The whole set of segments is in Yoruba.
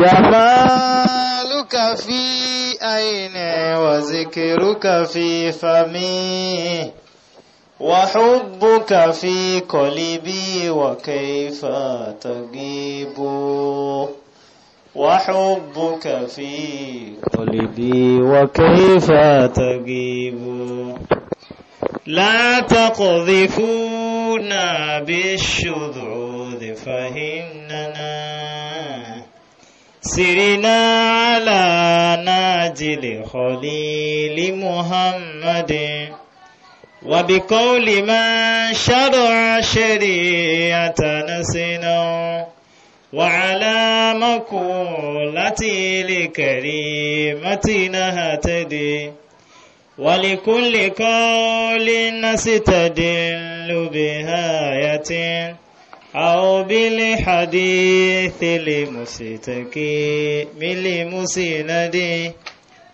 جمالك في عيني وذكرك في فمي وحبك في قلبي وكيف تغيب وحبك في قلبي وكيف تغيب لا تقذفونا بالشذوذ فهمنا سرنا على ناجل خليل محمد وبقول من شرع شريعتنا سنا وعلى مقولة لكريمتنا هتدي ولكل قول نستدل بهاية أو بالحديث لمستكي لمسندي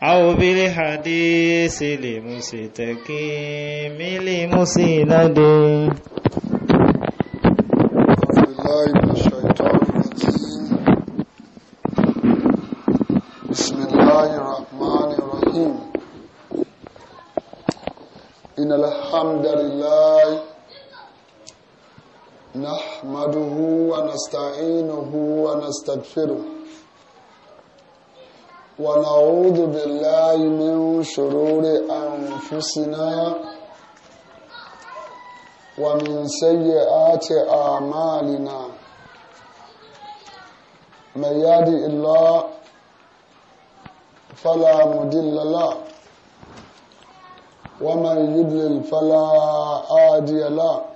أو بالحديث لمستكي لمسندي بسم الله الرحمن الرحيم إن الحمد لله نحمده ونستعينه ونستغفره ونعوذ بالله من شرور أنفسنا ومن سيئات أعمالنا من يهدي الله فلا مضل له ومن يضلل فلا هادي له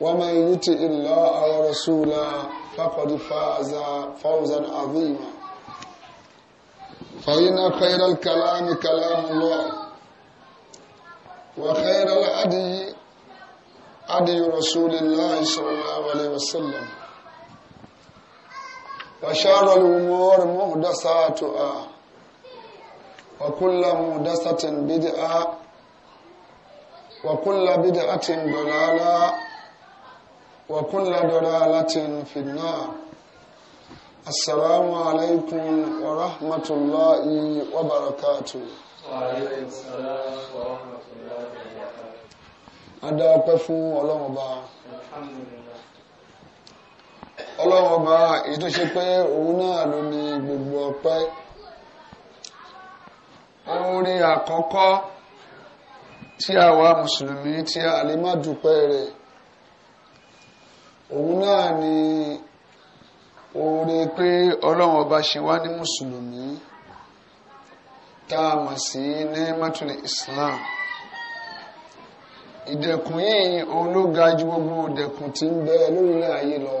ومن يطع الله ورسوله فقد فاز فوزا عظيما فإن خير الكلام كلام الله وخير الهدي هدي رسول الله صلى الله عليه وسلم وشر الأمور محدثاتها وكل محدثة بدعة وكل بدعة ضلالة وكل ضلالة في النار السلام عليكم ورحمة الله وبركاته وعليكم السلام ورحمة الله وبركاته adáwọ́pẹ́ fún ọlọ́run ọba ọlọ́run ọba èyí tó ṣe pé òun náà ló ní gbogbo ọpẹ́ oore àkọ́kọ́ tí àwa mùsùlùmí tí a lè má dúpẹ́ rẹ̀ òun náà ni oore pé ọlọ́run ọba ṣe wá ní mùsùlùmí tá sí ní islam ìdẹ̀kùn yìí òun ló ga ju gbogbo ìdẹ̀kùn tí ń bẹ lórílẹ̀ ayé lọ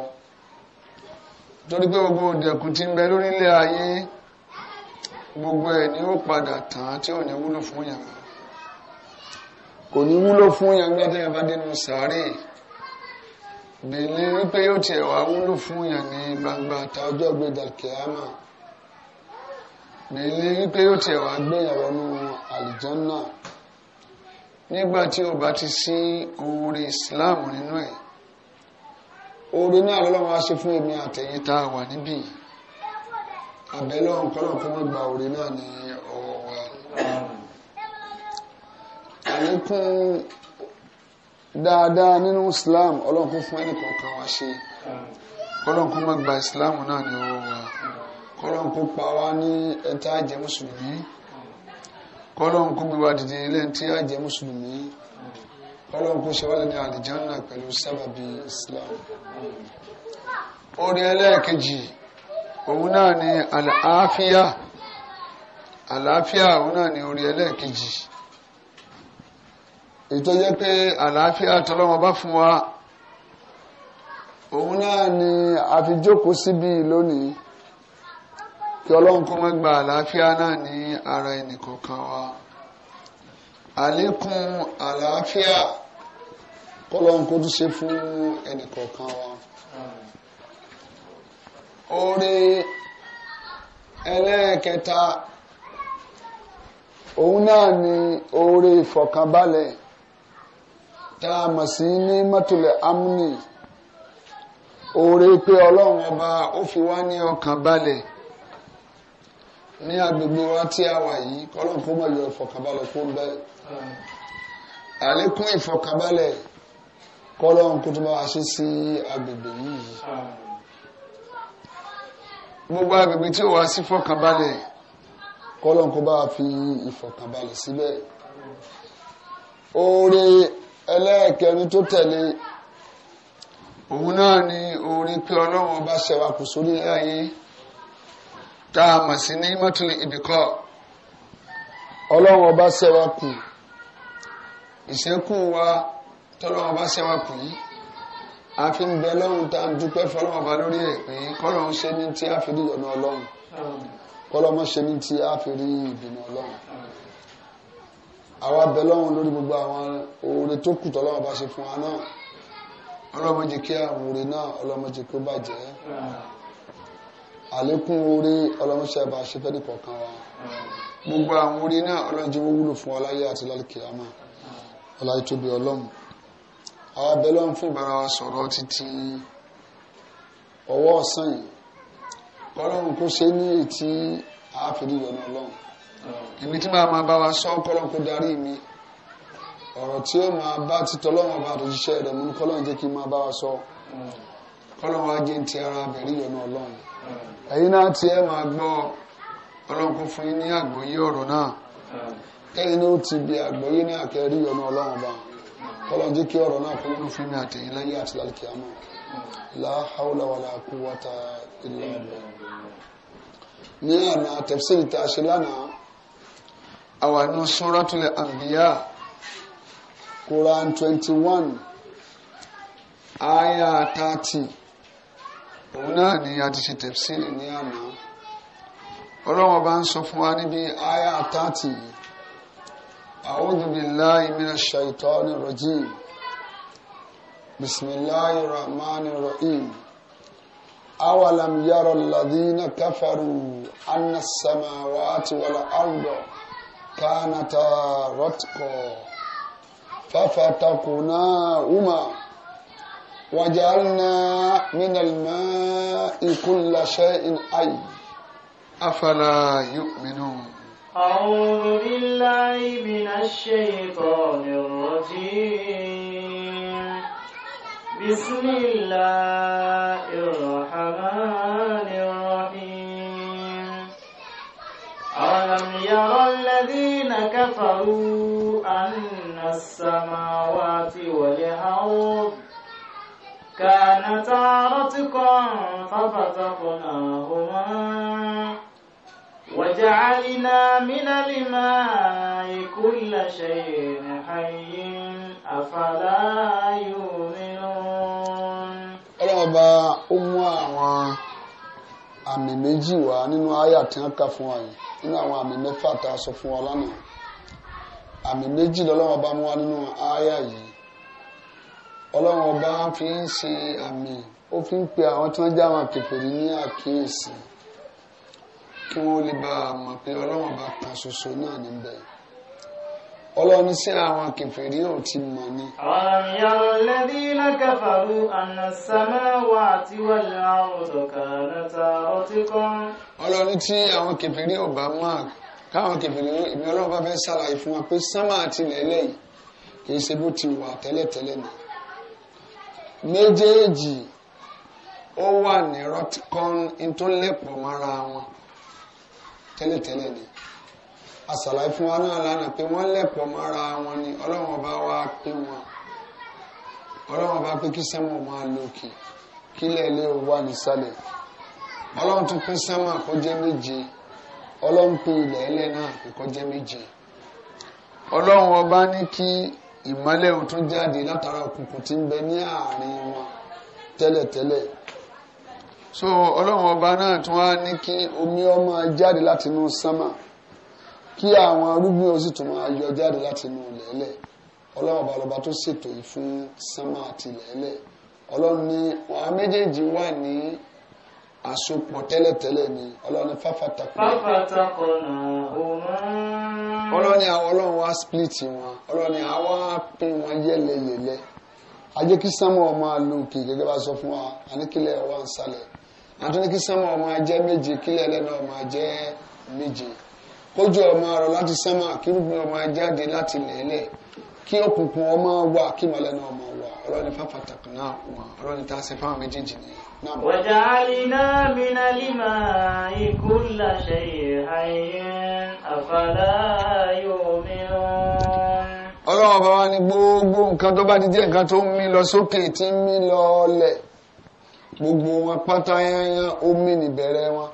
torí gbogbo ìdẹ̀kùn tí ń bẹ lórílẹ̀ ayé gbogbo ẹ̀ ni padà tán tí ò ní wúlò fún kò ní wúlò fún gbẹ́dẹ́ bí ní wípé yóò tiẹ̀ wá wúlò fún yàn ní gbangba ta ọjọ́ gbẹdà kìámà bí ní wípé yóò tiẹ̀ wá gbéyàwó nù àlìjánná nígbà tí o bá ti sí oore Islam nínú ẹ̀ oore náà lọ́wọ́ wá sí fún èmi àtẹ̀yìn tá a wà níbí àbẹ̀lọ́wọ́n kọ́lọ̀ kó wọ́n gba oore náà ní ọwọ́ wa. àlékún dáadáa nínú Islam ọlọ́run kó fún ẹnì kọ̀ọ̀kan wá ṣe ọlọ́run kó má gba Islam náà ní ọwọ́ wa kọ́lọ́run kó pa wá ní ẹ̀ta àjẹ́ mùsùlùmí kọ́lọ́run kó gbé wa dìde ilé ẹ̀ntì àjẹ́ mùsùlùmí kọ́lọ́run kó ṣe wá lẹ́ni àlìjánà pẹ̀lú sábàbí Islam orí ẹlẹ́ẹ̀kejì òun náà ni àlàáfíà àlàáfíà òun náà ni orí ẹlẹ́ẹ̀kejì ètò jẹ́ pé àlàáfíà tọ́lọ́mọ bá fún wa òun náà ni a fi jókòó síbí lónìí kí ọlọ́run kó má gba àlàáfíà náà ní ara ẹnìkọ̀ọ̀kan wa àlékún àlàáfíà kọ́lọ́run kó tún ṣe fún ẹnìkọ̀ọ̀kan wa oore ẹlẹ́ẹ̀kẹta òun náà ni oore ìfọ̀kànbalẹ̀ tá a mọ̀ sí ní mọ́tòlẹ̀ amúnì oore pé ọlọ́run ọba ó fi wá ní ọkàn balẹ̀ ní agbègbè wa tí a wà yìí kọ́lọ́n kó mọ̀ yọ ìfọ̀kànbalẹ̀ fún bẹ́ẹ̀ àlékún ìfọ̀kànbalẹ̀ kọ́lọ́n kó tó bá wa ṣe sí agbègbè yìí gbogbo agbègbè tí ó wá sí fọ̀kànbalẹ̀ kọ́lọ́n kó bá wa fi ìfọ̀kànbalẹ̀ síbẹ̀ oore ẹlẹ́ẹ̀kẹrin tó tẹ̀lé òun náà ni orin pé ọlọ́run ọba ṣẹ̀wá kù sórí ayé tá a mọ̀ sí ní mọ́tòlì ìbíkọ́ ọlọ́run ọba ṣẹ̀wá kù ìṣẹ́kù wa tọ́lọ́run ọba ṣẹ̀wá kù yìí a fi ń bẹ lọ́run tá a dúpẹ́ fọlọ́run ọba lórí ẹ̀ pé kọ́lọ́run ṣe ní tí a fi rí ọ̀nà ọlọ́run kọ́lọ́mọ́ ṣe ní tí a fi rí ìbínú ọlọ́run àwa bẹ lọ́hùn lórí gbogbo àwọn oore tó kù tọ́lọ́wọ́n bá ṣe fún wa náà ọlọ́mọdé kí àwọn oore náà ọlọ́mọdé kó bàjẹ́ àlékún oore ọlọ́mọṣẹ́ bá ṣe fẹ́ nìkọ̀ọ̀kan wa gbogbo àwọn oore náà ọlọ́jẹ́ wọ́n wúlò fún ọláyé àti lálùkìyàmá ọláyé tóbi ọlọ́run àwa bẹ lọ́hùn fún ìbára wa sọ̀rọ̀ títí ọwọ́ ọ̀sán yìí ọlọ́run kó ṣe ní ètí àáfírí ìyọ̀nà ibi tí màá máa bá wa sọ ọkọlọ́kọ darí mi ọ̀rọ̀ tí ó máa bá ti tọ́lọ́wọ́ bá tó ṣiṣẹ́ rẹ̀ mú kọ́lọ́n jẹ́ kí n máa bá wa sọ kọ́lọ́n wa jẹ́ ti ara bẹ̀rí ìyọ̀nà ọlọ́run ẹ̀yin náà ti ẹ̀ máa gbọ́ ọlọ́nkún fún yín ní àgbọ́yé ọ̀rọ̀ náà ẹ̀yin náà ti bí àgbọ́yé ní àkẹ́rí ìyọ̀nà ọlọ́run bá kọ́lọ́n jẹ́ kí ọ̀rọ̀ náà kọ́ lọ́nà fún mi àtẹ̀yìn láyé àti lálùkì àmọ́ la hawla wala quwwata illa ní àná tafsiri tá a ṣe lánàá àwa nínú Suratul Anbiya Quran twenty one aya thirty òun náà ni a ti ṣe tẹ̀sílì ní àná ọlọ́wọ́n bá ń sọ fún wa níbi aya thirty yìí a'udhu billahi minash shaitani rajim bismillahir rahmanir rahim. أولم يرى الذين كفروا أن السماوات والأرض كانتا رتقا ففتقناهما وجعلنا من الماء كل شيء حي أفلا يؤمنون أعوذ بالله من الشيطان الرجيم بسم الله الرحمن الرحيم يرى الذين كفروا أن السماوات والأرض كانتا رتقا ففتقناهما وجعلنا من الماء كل شيء حي أفلا يؤمنون. ọlọ́ọ̀bá ó mú àmì meji wá nínú àyà tí wọ́n ka fún wa yìí nínú àwọn àmì mẹ́fà tá a sọ fún wa lánàá àmì meji wa nínú yìí ọlọ́wọ́ bá fi n ṣe àmì o fi n pe àwọn tí wọ́n já àwọn kèfèrí ní àkíyèsí kí wọ́n lè ọlọ́ni sí àwọn kèfèrí ò ti mọ̀ ni. àwọn yàrá lẹ́dí lákàfàrú àna sàmáwá àti wàlẹ̀ àwọn ọ̀dọ̀kà lẹ́ta ọtí kan. ọlọ́ni tí àwọn kèfèrí ò bá máa káwọn kèfèrí ìbí ọlọ́run bá fẹ́ ṣàlàyé fún wa pé sánmà àti lẹ́lẹ́ yìí kì ṣe bó ti wà tẹ́lẹ̀tẹ́lẹ̀ ni. méjèèjì ó wà ní rọtikọ́n ní tó lẹ́pọ̀ mọ́ra wọn tẹ́lẹ̀tẹ́lẹ̀ ni. àṣàlàyé fún wa náà lánàá pé wọ́n lẹ̀pọ̀ mọ́ra wọn ni ọlọ́run ọba wa pé wọn ọlọ́run ọba pé kí sẹ́mù máa lòkè kí lẹ́ẹ̀lẹ́ o wà nísàlẹ̀ ọlọ́run tún pín sẹ́mù àkọ́jẹ́ méje ọlọ́run pín ilẹ̀ ẹlẹ́ náà àkọ́jẹ́ méje ọlọ́run ọba ní kí ìmọ́lẹ̀ ò jáde látara òkùnkùn tí ń ní àárín wọn tẹ́lẹ̀tẹ́lẹ̀ so ọlọ́run ọba náà tún wá ní omi jáde látinú kí àwọn arúgbìn ó sì tún máa yọ jáde láti inú lẹ́lẹ̀ ọlọ́run ọba tó ṣètò yìí fún sánmà àti lẹ́lẹ̀ ọlọ́run ní àwọn méjèèjì wà ní àsopọ̀ tẹ́lẹ̀tẹ́lẹ̀ ni ọlọ́run fáfatakọ̀ fáfatakọ̀ náà ọlọ́run àwọn ọlọ́run wá split wọn ọlọ́run àwa pín wọn yẹ́lẹyẹ̀lẹ́ ajé kí sánmà ó máa lọ òkè gẹ́gẹ́ bá sọ fún wa àníkílẹ̀ wa ń sálẹ̀ àtúnikí sánmà ó máa méje kílẹ̀ lẹ́nu ó máa méje kójú ọmọ rọ láti sánmà kírúgbìn ọmọ jáde láti lẹ́lẹ̀ kí òkùnkùn ọmọ wà kí mọ̀lẹ́nu ọmọ wà ọ̀rọ̀ ní fáfà tàkùn náà wà ọ̀rọ̀ ní tàṣẹ fáwọn méjèèjì ni. wàjálínà mina lima ìkúlà ṣe àyè àfàlà yóò mìíràn. ọlọ́run bá wá ní gbogbo nǹkan tó bá ti jẹ́ nǹkan tó ń mí lọ sókè tí ń mí lọ ọlẹ̀ gbogbo wọn pátá yányán ó níbẹ̀rẹ̀ wọn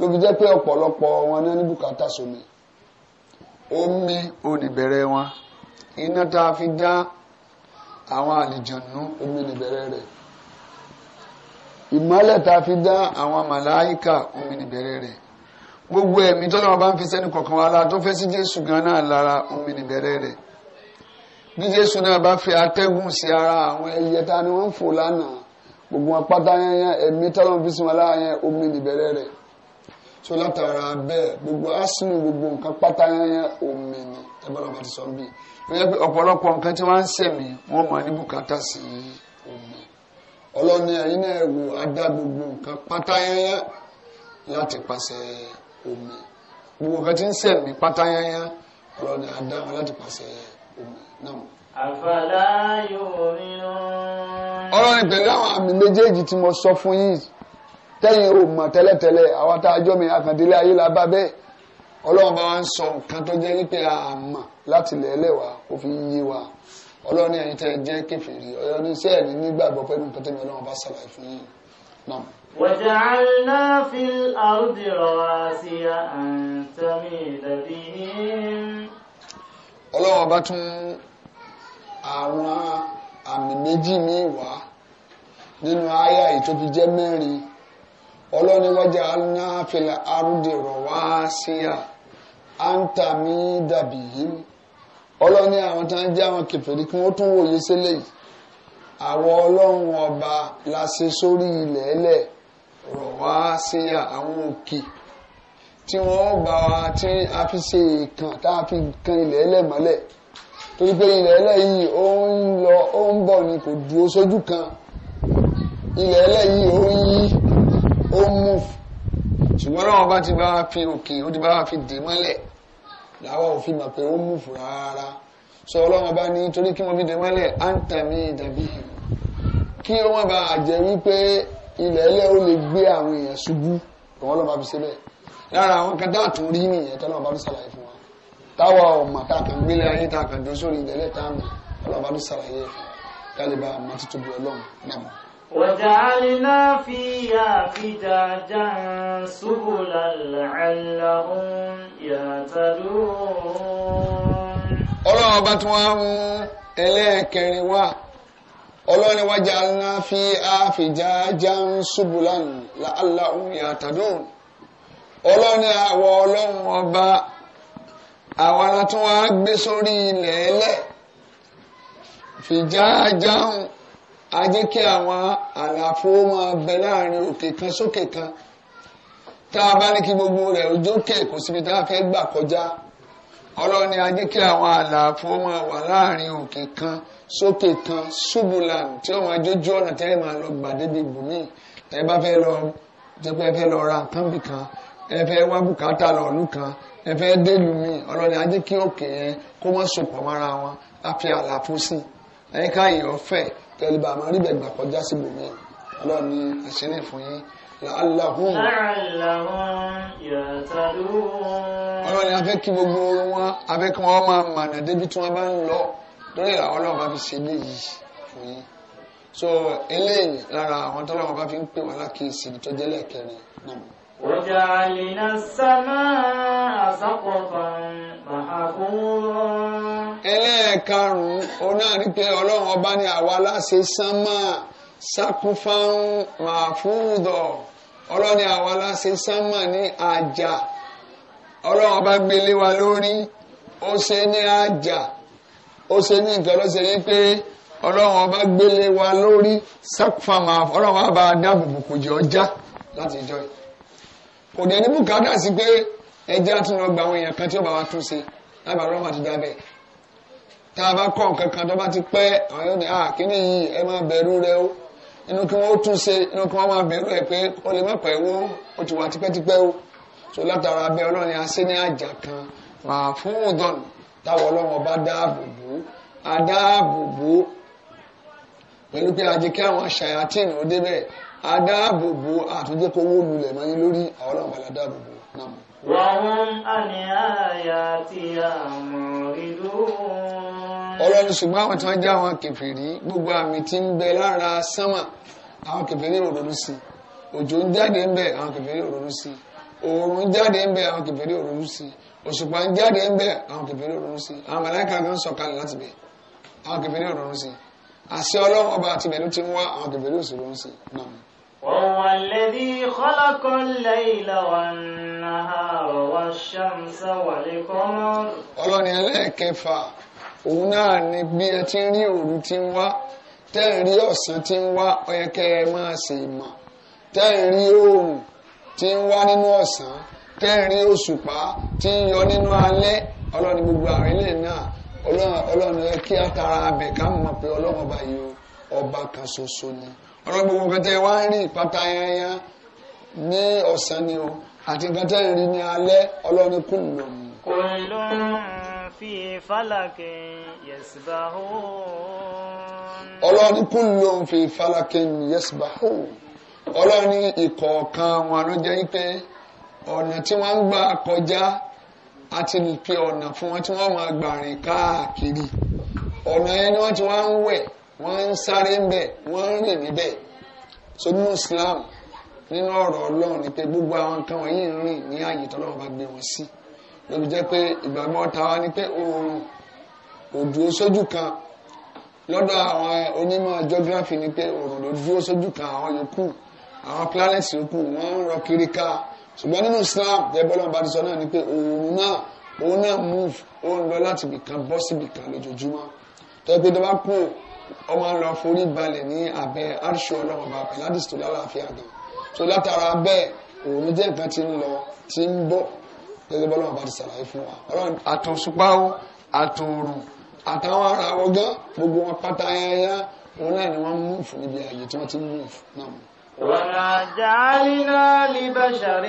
ló fi jẹ́ pé ọ̀pọ̀lọpọ̀ wọn ní so sómi omi olùbẹ̀rẹ̀ wọn iná ta fi dá àwọn àlìjànú omi olùbẹ̀rẹ̀ rẹ̀ ìmọ́lẹ̀ tá fi dá àwọn omi rẹ̀ gbogbo ẹ̀mí tó lọ́wọ́ bá ń fi sẹ́ni kọ̀ọ̀kan wa la tó fẹ́ sí jésù gan náà lára omi rẹ̀ bí jésù náà bá fi atẹ́gùn sí ara àwọn ẹyẹ so látara bẹ́ẹ̀ gbogbo asinu gbogbo nǹkan pátá yẹn omi ni ẹ bá lọ́ba ti sọ bí wọ́n yẹ pé ọ̀pọ̀lọpọ̀ nǹkan tí wọ́n ń sẹ̀mí wọ́n máa ní bùkátà sí omi ọlọ́ni ẹ̀yin náà wò adá gbogbo nǹkan pátá yẹn láti pàṣẹ omi gbogbo nǹkan tí ń sẹ̀mí pátá yẹn ọlọ́ni adá wọn láti pàṣẹ omi náà. àfàlà yóò rí ọlọ́ni pẹ̀lú àwọn àmì méjèèjì tí mo sọ fún yìí tẹ́yìn ò mọ̀ tẹ́lẹ̀tẹ́lẹ̀ àwọn tá a jọ́ mi àkàndínlé ayé la bá bẹ́ẹ̀ ọlọ́run bá wa sọ nǹkan tó jẹ́ wípé a mọ̀ láti lẹ́lẹ̀ wa kó fi yé wa ọlọ́run ní ẹ̀yin tẹ́ ẹ jẹ́ kèfèrí ọ̀yọ́ ní sẹ́ẹ̀ ní nígbàgbọ́ pẹ̀lú nǹkan tẹ́mi ọlọ́run bá ṣàlàyé fún yín náà. وجعلنا في الأرض رواسي أن تميد بهم ọlọ́run ọba tún àwọn àmì méjì míì wá nínú àyà yìí mẹ́rin ọlọ́ni wájà anáfẹ́lá arúndì rọ̀wá síyà áńtàmí dàbí yìí ọlọ́ni àwọn tá ń jẹ́ àwọn kèfèrí kí wọ́n tún wòye sílẹ̀ yìí àwọn ọlọ́run ọba la ṣe sórí ilẹ̀ ẹlẹ̀ rọ̀wá síyà àwọn òkè tí wọ́n bá wa tí a fi ṣe ìkàn tá a fi kan ilẹ̀ ẹlẹ̀ mọ́lẹ̀ torí pé ilẹ̀ ẹlẹ̀ yìí ó ń lọ ó ń bọ̀ ni kò dúró sójú kan ilẹ̀ ẹlẹ̀ yìí ó ń ṣùgbọ́n Ọlọ́run bá ti bá wa fi òkè ó ti bá wa fi dè mọ́lẹ̀ làwọn ò fi mọ̀ pé ó mú fún rárá sọ Ọlọ́run bá ní torí kí wọ́n fi dè mọ́lẹ̀ à ń tẹ̀mí ìdàbí ìlú kí wọ́n bá jẹ́ wípé ilẹ̀ ẹlẹ́ ó lè gbé àwọn èèyàn ṣubú Ọlọ́run bá fi ṣe bẹ́ẹ̀ lára àwọn kan tá rí nìyẹn tọ́lọ́run bá fi ṣàlàyé fún wa táwa ọmọ tá a kàn gbélé ayé tá a kàn dó sórí ilẹ̀ tá a mọ̀ Ọlọ́run bá fi ṣàlàyé fún wa kálíbà àmọ́ títúbi Ọlọ́run náà وجعلنا فيها فجاجا سبلا لعلهم يهتدون ọlọ́run ọba tí wọ́n mú ẹlẹ́ẹ̀kẹrin wá ọlọ́run wa ja'alna fiha fijajan subulan la'allahum yahtadun ọlọ́run àwọ̀ ọlọ́run ọba àwọn ara tí wọ́n á gbé sórí ilẹ̀ ẹlẹ́ fìjájáhùn a jẹ́ kí àwọn àlàfo máa bẹ láàrin òkè kan sókè kan tá a bá ní kí gbogbo rẹ̀ ojókè kò síbi tá a fẹ́ gbà kọjá ọlọ́run ni a jẹ́ kí àwọn àlàfo máa wà láàrin òkè kan sókè kan ṣubúlan tí wọ́n máa jójú ọ̀nà tẹ́lẹ̀ máa lọ gbàdébi bùnmí ẹ bá fẹ́ lọ jẹ́pẹ́ ẹ fẹ́ lọ ra nǹkan bì kan ẹ fẹ́ wá bùkátà lọ́ọ̀lù kan ẹ fẹ́ délùú mi ọlọ́run a jẹ́ kí òkè yẹn kó má sopọ̀ mọ́ra wọn á fi àlàfo sí ẹ̀ka ìyọ̀fẹ́ kẹlẹ́bà máa rí bẹ̀gbà kọjá sí gbòmí ọlọ́run ní àṣírí fún yín làálàhùn. ọlọ́run a fẹ́ kí gbogbo wọn a fẹ́ kí wọ́n máa mànà débi tí wọ́n bá ń lọ lórí ìràwọ̀ ọlọ́run bá fi ṣe léyìí fún yín. so eléyìí lára àwọn tọ́lọ́run bá fi ń pè wọ́n lákìí sí ìtọ́jẹ́lẹ̀ kẹrin náà. وجعلنا السماء سقفا محفوظا. ẹlẹ́ẹ̀karùn-ún òun náà ní pé ọlọ́run ọba ni àwa láṣẹ sánmà sákúfáhùn màfúùdọ̀ ọlọ́run ni àwa láṣẹ sánmà ní àjà ọlọ́run ọba gbélé wa lórí ó ṣe ní àjà ó ṣe ní nǹkan lọ́sẹ̀ ní pé ọlọ́run ọba gbélé wa lórí sákúfáhùn màfúùdọ̀ ọlọ́run ọba dáàbò bùkún jẹ́ ọjà láti jọ yìí kò dẹ̀ ní bùkátà sí pé ẹjẹ́ àtúnlọ gba àwọn èèyàn kan tí ó bá wa tún ṣe lábàárọ̀ lọ́wọ́ àti dábẹ́ tá a bá kọ́ nǹkan kan tó bá ti pẹ́ àwọn yóò ní à kíní yìí ẹ máa bẹ̀rù rẹ o inú kí wọ́n tún ṣe inú kí wọ́n máa bẹ̀rù ẹ pé ó lè má pẹ́ wọ́n ó ti wà tipẹ́tipẹ́ o so látara abẹ́ ọlọ́run a ní àjà kan máa fún ìdọ̀nù táwọn ọlọ́run ọba dáàbò bò adáàbò bò pẹ̀lú pé ajé àwọn àṣàyàn àti ìnáwó débẹ̀ adáàbòbò àtúnjẹ́ kó wó lulẹ̀ mọ́ yín lórí àwọn ọlọ́run bá ládáàbòbò náà. wàhùn àní àyà ti àmọ̀ ìlú. ọlọ́run ṣùgbọ́n àwọn tí wọ́n já àwọn kẹfìrí gbogbo àmì tí ń bẹ lára sánmà àwọn kẹfìrí òrònú sí òjò ń jáde ń bẹ àwọn kẹfìrí òrònú sí oòrùn ń jáde ń bẹ àwọn kẹfìrí òrònú sí òṣùpá ń jáde ń bẹ àwọn kẹfìrí òrònú sí àwọn màláíkà kan sọ̀kalẹ̀ láti bẹ̀ àwọn kẹfìrí òrònú sí àṣẹ ọlọ́run ọba àtibẹ̀ ló ti ń wá àwọn kẹfìrí òṣèlú ń sí náà. وهو الذي خلق الليل والنهار والشمس والقمر ọlọ́ni ẹlẹ́ẹ̀kẹfà òun náà ni bí ẹ ti ń rí òru ti ń wá tẹ́ ẹ̀ rí ọ̀sán ti ń wá ó yẹ kẹ́ ẹ máa ṣe mọ̀ tẹ́ ẹ̀ rí oòrùn ti ń wá nínú ọ̀sán tẹ́ ẹ̀ rí òṣùpá ti ń yọ nínú alẹ́ ọlọ́ni gbogbo àwọn ilé náà ọlọ́ni ẹ kí á tara abẹ̀ ká mọ̀ pé ọlọ́run yìí ọba kan ṣoṣo ni. ọ̀rọ̀ gbogbo nǹkan tẹ́ wá ń rí ìpátá yányá ní ọ̀sán ni o àti nǹkan rí ní fi fàlàkì yẹsibáhó. ọlọ́ni kù ló ń fi fàlàkì yẹsibáhó. ọlọ́ni ìkọ̀ọ̀kan wọn ló jẹ́ pé ọ̀nà tí wọ́n ń gbà kọjá àti pé ọ̀nà fún wọ́n máa gbà rìn káàkiri ọ̀nà yẹn ni wọ́n wọ́n ń sáré ń bẹ̀ wọ́n ń rìn níbẹ̀ so nínú Islam nínú ọ̀rọ̀ Ọlọ́run ni pé gbogbo àwọn nǹkan wọ̀nyí ń rìn ní ààyè tọ́lọ́run bá gbé wọn sí lóbi jẹ́ pé ìgbàgbọ́ tàwa ni pé oòrùn kò dúró sójú kan lọ́dọ̀ àwọn onímọ̀ geography ni pé oòrùn ló dúró sójú kan àwọn yòókù àwọn planets yòókù wọ́n ń rọ kiri ká ṣùgbọ́n nínú Islam jẹ́ ọba àdìsọ náà ni pé oòrùn náà òun náà move ó ń lọ láti bìkan bọ́ síbìkan lójoojúmọ́ tọ́ pé tó bá kú ọmọ lọ forí balẹ̀ ní abẹ́ arṣọ ọlọ́run bá pẹ̀lú àdìsí tó lálàáfíà gan so látara bẹ́ẹ̀ òun jẹ́ nǹkan tí ń lọ tí ń bọ̀ gẹ́gẹ́ bọ́lọ́run bá ti ṣàlàyé fún wa ọlọ́run àtòṣùpá o àtòòrùn àtàwọn ara wọn gan gbogbo wọn pátá yányá òun náà ni wọ́n mú fún níbi ààyè tí wọ́n ti mú fún náà mú. وما جعلنا لبشر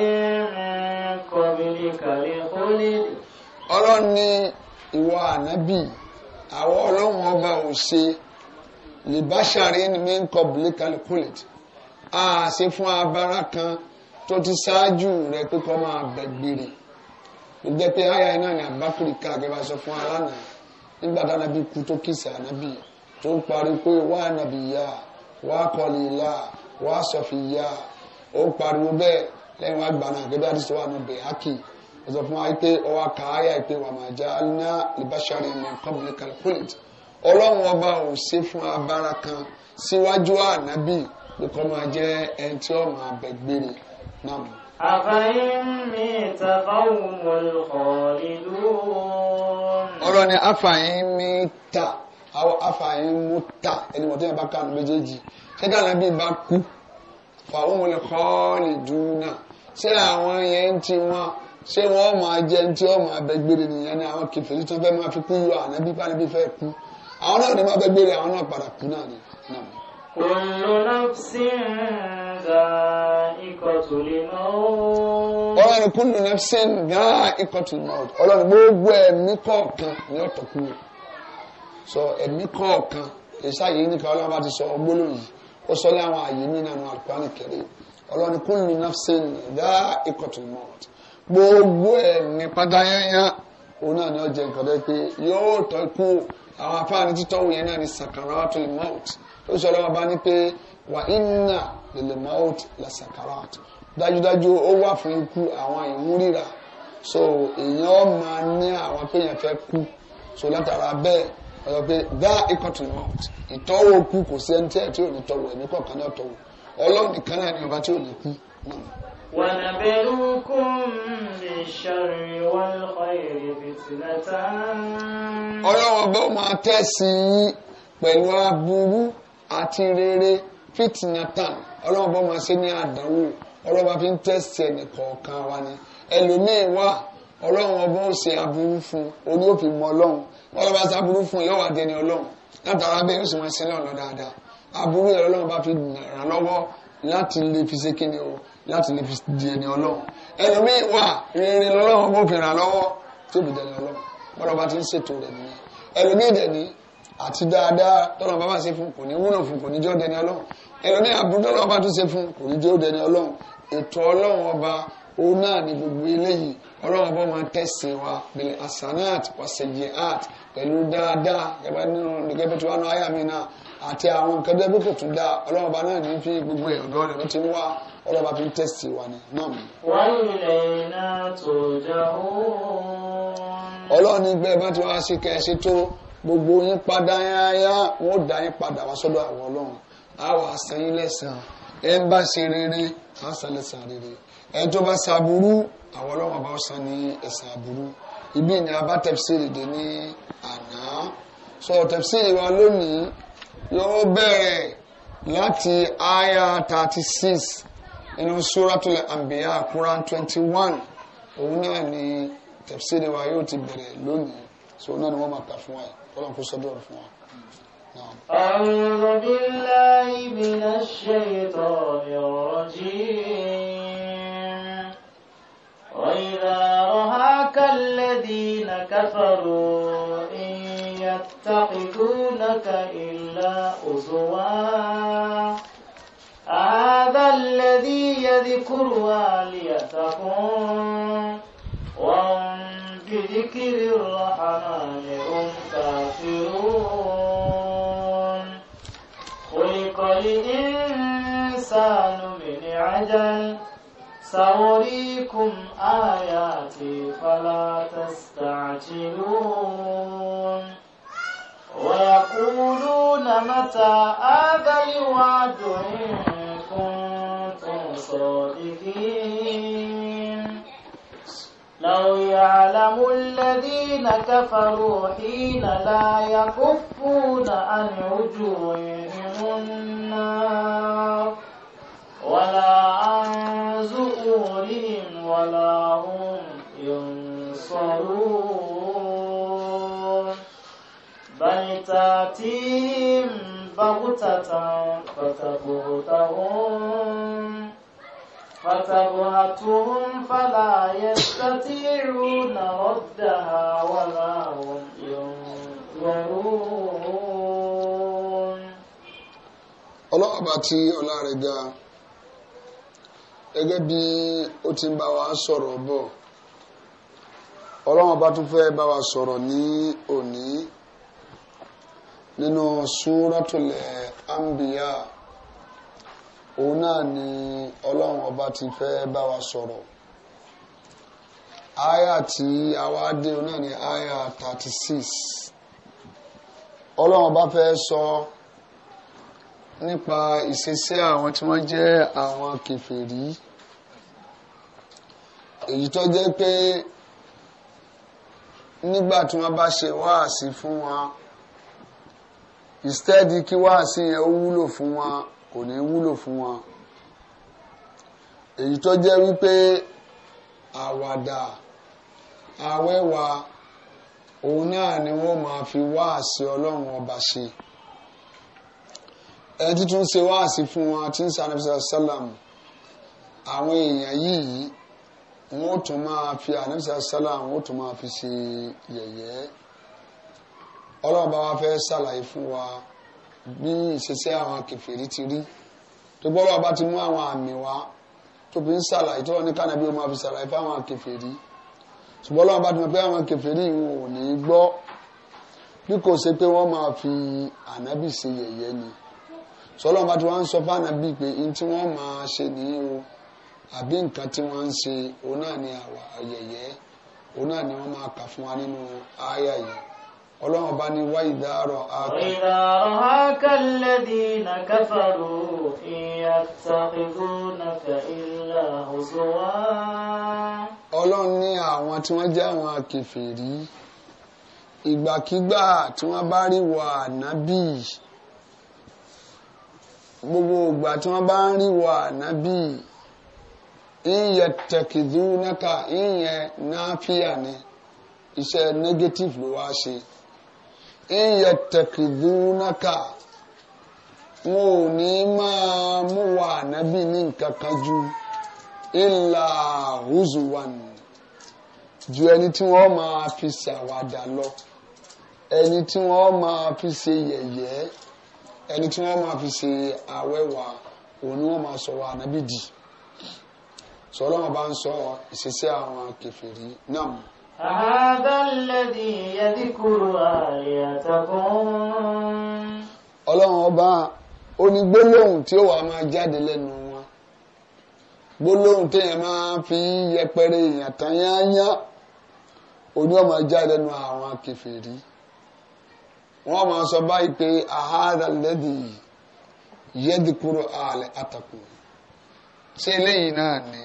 من قبلك لخلد ọlọ́run ní ìwọ ànábì àwọn ọlọ́run ọba ò ṣe libasharin min qablikal khulit a ṣe fún abara kan tó ti ṣáájú rẹ pé máa bẹ gbére ló pé àyà iná ni àbákùrì ká gẹ́gẹ́ sọ fún alánà nígbà tá nàbí kú tó kìsà nàbí tó ń parí pé wà nàbí yá wà kọ́lì yá wà sọ̀fì yá ó ń pariwo bẹ́ẹ̀ lẹ́yìn wá gbà náà gẹ́gẹ́ àti sọ́wọ́ àná bẹ̀ẹ́ hákì ó sọ fún wa pé ọwọ́ kàáyà pé wà máa já alina libashari ní public calculate ọlọ́run ọba ò ṣe fún abára kan síwájú ànábì pé kọ́ máa jẹ́ ẹni tí ó máa bẹ gbére náà. àfàyín tàbáwò mọ̀lùkọ́ ìlú. ọ̀rọ̀ ni àfàyín ta àwọn àfàyín ta ẹni wọ́n tẹ́lẹ̀ bá kánú méjèèjì ṣẹ́dá ànábì bá kú fàwọn mọ̀lùkọ́ ìlú náà ṣé àwọn yẹn ti wọn ṣé wọn máa jẹ ẹni tí ó máa bẹ gbére nìyẹn ni àwọn kẹfẹ́ tí wọ́n fẹ́ máa fi kú yọ ànábì bá ànábì fẹ́ kú àwọn náà ní wọ́n fẹ́ gbére àwọn náà padà kú náà ni. ọlọ́run kúndùn nẹ́fṣin gan ikọ̀tún mọ́ọ̀tù ọlọ́run gbogbo ẹ̀mí kọ̀ọ̀kan ni ọ̀tọ̀ kú sọ ẹ̀mí kọ̀ọ̀kan ìṣáyé nípa ọlọ́run bá ti sọ ọgbólóyìn ó sọ lé àwọn àyè mí nínú àlùkùránì kẹrì ọlọ́run kúndùn nẹ́fṣin gan ikọ̀tún mọ́ọ̀tù gbogbo ẹ̀mí pátáyányá òun náà ni ó nǹkan bẹ́ẹ̀ pé yóò tọ́kù àwọn afáàní títọ́ wòye náà ni sakaratul maut ó sọ lọ́wọ́ bá ní pé wà inna lil maut la sakarat dájúdájú ó wà fún ikú àwọn ìmúríra so èèyàn ó máa ní àwọn péyàn fẹ́ kú so látara bẹ́ẹ̀ ọ̀rọ̀ pé dá ikọ̀tul maut ìtọ́wò kú kò sí ẹni tí ẹ̀ tí ò ní tọ́wò ẹ̀mí kọ̀ọ̀kan náà tọ́wò ọlọ́run nìkan náà ni ọba tí ò ní kú náà. ونبلوكم بالشر والخير فتنة ọlọ́run ọba máa tẹ̀sí pẹ̀lú aburú àti rere fitinatan ọlọ́run ọba máa ṣe ní àdánwò ọlọ́run ọba fi ń tẹ̀sí ẹnì kọ̀ọ̀kan wa ni ẹlòmíín wà ọlọ́run ọba ó ṣe aburú fún orí òfin mọ ọlọ́run ọlọ́run ọba ṣe aburú fún yóò wá dẹni ọlọ́run látara bẹ́ẹ̀ yóò sì máa ṣe lọ́nà dáadáa aburú yẹn ọlọ́run ọba fi ràn lọ́wọ́ láti lè fi ṣe kíni o láti lè fi di ẹni ọlọ́run ẹlòmíì wà rìnrìn lọ́lọ́run bó fìràn lọ́wọ́ tóbi dẹni ọlọ́run bọ́dọ̀ bá ti ń ṣètò rẹ̀ nìyẹn ẹlòmíì dẹni àti dáadáa tọ́nà bá bá ṣe fún kò ní wúlò fún kò ní jọ́ dẹni ọlọ́run ẹlòmíì àbúrò tọ́nà bá tún ṣe fún kò ní jọ́ dẹni ọlọ́run ètò ọlọ́run ọba òun náà ni gbogbo eléyìí ọlọ́run ọba máa tẹ̀sìn wa bil hasanat wasayiat pẹ̀lú dáadáa gẹ́gẹ́ nínú gẹ́gẹ́ bí tí náà àyà náà àti àwọn nǹkan dẹ́gbẹ́ kò tún dáa ọlọ́run ọba náà ní fi gbogbo ẹ̀ ọ̀dọ́ rẹ̀ ló ti ń wá ọlọ́run fi ń tẹ́sítì wa ni náà mi. wáyé iná tó jà ó. ọlọ́run ní bẹ́ẹ̀ bá ti wá sí kẹ́sí tó gbogbo yín padà yáyá wọn ò dá yín padà wá sọ́dọ̀ àwọn ọlọ́run á wà sẹ́yìn lẹ́sàn-án ẹ ń bá ṣe rere á san lẹ́sàn rere ẹ tó bá ṣàbùrú àwọn ọlọ́run bá san ní ẹ̀sàn àbùrú ibi ni a bá tẹ̀síìrì dé ní àná sọ tẹ̀síìrì wa lónìí yóò bẹ̀rẹ̀ láti aya thirty six nínú suratul anbiya quran twenty one òun náà ni tafsiri wa yóò ti bẹ̀rẹ̀ lónìí so náà ni wọ́n máa kà fún wa kọ́lọ́n kó sọ́dọ̀ fún wa. أعوذ بالله من الشيطان الرجيم وإذا رهاك الذين كفروا إن يتخذونك إلا أزوا الذي يذكرها ليتقون وهم بذكر الرحمن هم كافرون خلق الإنسان من عجل سأريكم آياتي فلا تستعجلون ويقولون متى هذا الوعد إن الصادقين لو يعلم الذين كفروا حين لا يكفون عن وجوههم النار ولا عن زؤورهم ولا هم ينصرون بل تاتيهم بغتة فتبغتهم فتبهتهم فلا يستطيعون ردها ولا هم ينظرون ọlọ́ọ̀bá tí ọlá rẹ̀ ga gẹ́gẹ́ bí ó ti ń bá wa sọ̀rọ̀ bọ̀ ọlọ́run bá tún fẹ́ bá wa sọ̀rọ̀ ní òní nínú súratul Anbiya. No òun náà ni ọlọ́run ọba ti fẹ́ bá wa sọ̀rọ̀ aya tí a wá dé òun náà ni aya thirty six ọlọ́run ọba fẹ́ sọ nípa ìṣesí àwọn tí wọ́n jẹ́ àwọn kèfèrí èyí tó jẹ́ pé nígbà tí wọ́n bá ṣe wáàsí fún wọn instead kí wáàsí yẹn ó wúlò fún wọn kò ní wúlò fún wọn èyí tó jẹ́ wípé àwàdà awẹ́wà òun náà ni wọ́n máa fi wáàsí ọlọ́run ọba ṣe ẹni títún ṣe wáàsí fún wọn àti ń sànàfisà sálàmù àwọn èèyàn yìí wọn ò tún máa fi ànàfisà sálàmù wọn ò tún máa fi ṣe yẹ̀yẹ́ ọlọ́run bá wa fẹ́ ṣàlàyé fún wa bí ìṣesẹ́ àwọn kèfèrí ti rí tó bọ́lá ọba ti mú àwọn àmì wá tó fi ń ṣàlàyé tó ní kánàbí ó máa fi ṣàlàyé fáwọn kèfèrí ṣùgbọ́n ọlọ́run bá ti mọ̀ pé àwọn kèfèrí ìwọ̀n ò ní gbọ́ bí kò ṣe pé wọ́n máa fi ànábì ṣe yẹ̀yẹ́ ni sọlọ́run bá ti wọ́n ń sọ fáànábì pé n tí wọ́n máa ṣe nìyí o àbí nǹkan tí wọ́n ń ṣe òun náà ni àwà yẹ̀yẹ́ òun náà ni wọ́n máa kà fún wa nínú ááyà ọlọ́run ọba ni wá ìdárọ̀ àkọ́. ìdárọ̀ akẹ́lẹ́dínà kẹfàrú ìyàtàkùnúnàkà ọlọ́run ní àwọn tí wọ́n jẹ́ àwọn kèfèrí ìgbàkígbà tí wọ́n bá rí wà nábì gbogbo ìgbà tí wọ́n bá ń rí wà nábì ni iṣẹ́ negative ló wá ìyẹ tẹkìdúnáka wọn ò ní máa mú wa ànábì ní nǹkan kan ju ìlà húzùwánì ju ẹni tí wọ́n máa fi ṣàwàdà lọ ẹni tí wọ́n máa fi ṣe yẹ̀yẹ́ ẹni tí wọ́n máa fi ṣe àwẹ̀wà òun ni wọ́n máa sọ̀rọ̀ ànábì dì sọlọ́mọba ń sọ ìṣesí àwọn kẹfìrí náà. هذا الذي يذكر آلهتكم ọlọ́run ọba ó ní gbólóhùn tí ó wà máa jáde lẹ́nu wọn gbólóhùn téèyàn máa fi yẹpẹrẹ èèyàn tán yányá òní ó máa jáde lẹ́nu àwọn kèfèrí wọ́n máa sọ báyìí pé àhádà lẹ́dì yẹ́dìkúrò àlẹ́ àtàkùn ṣé eléyìí náà ni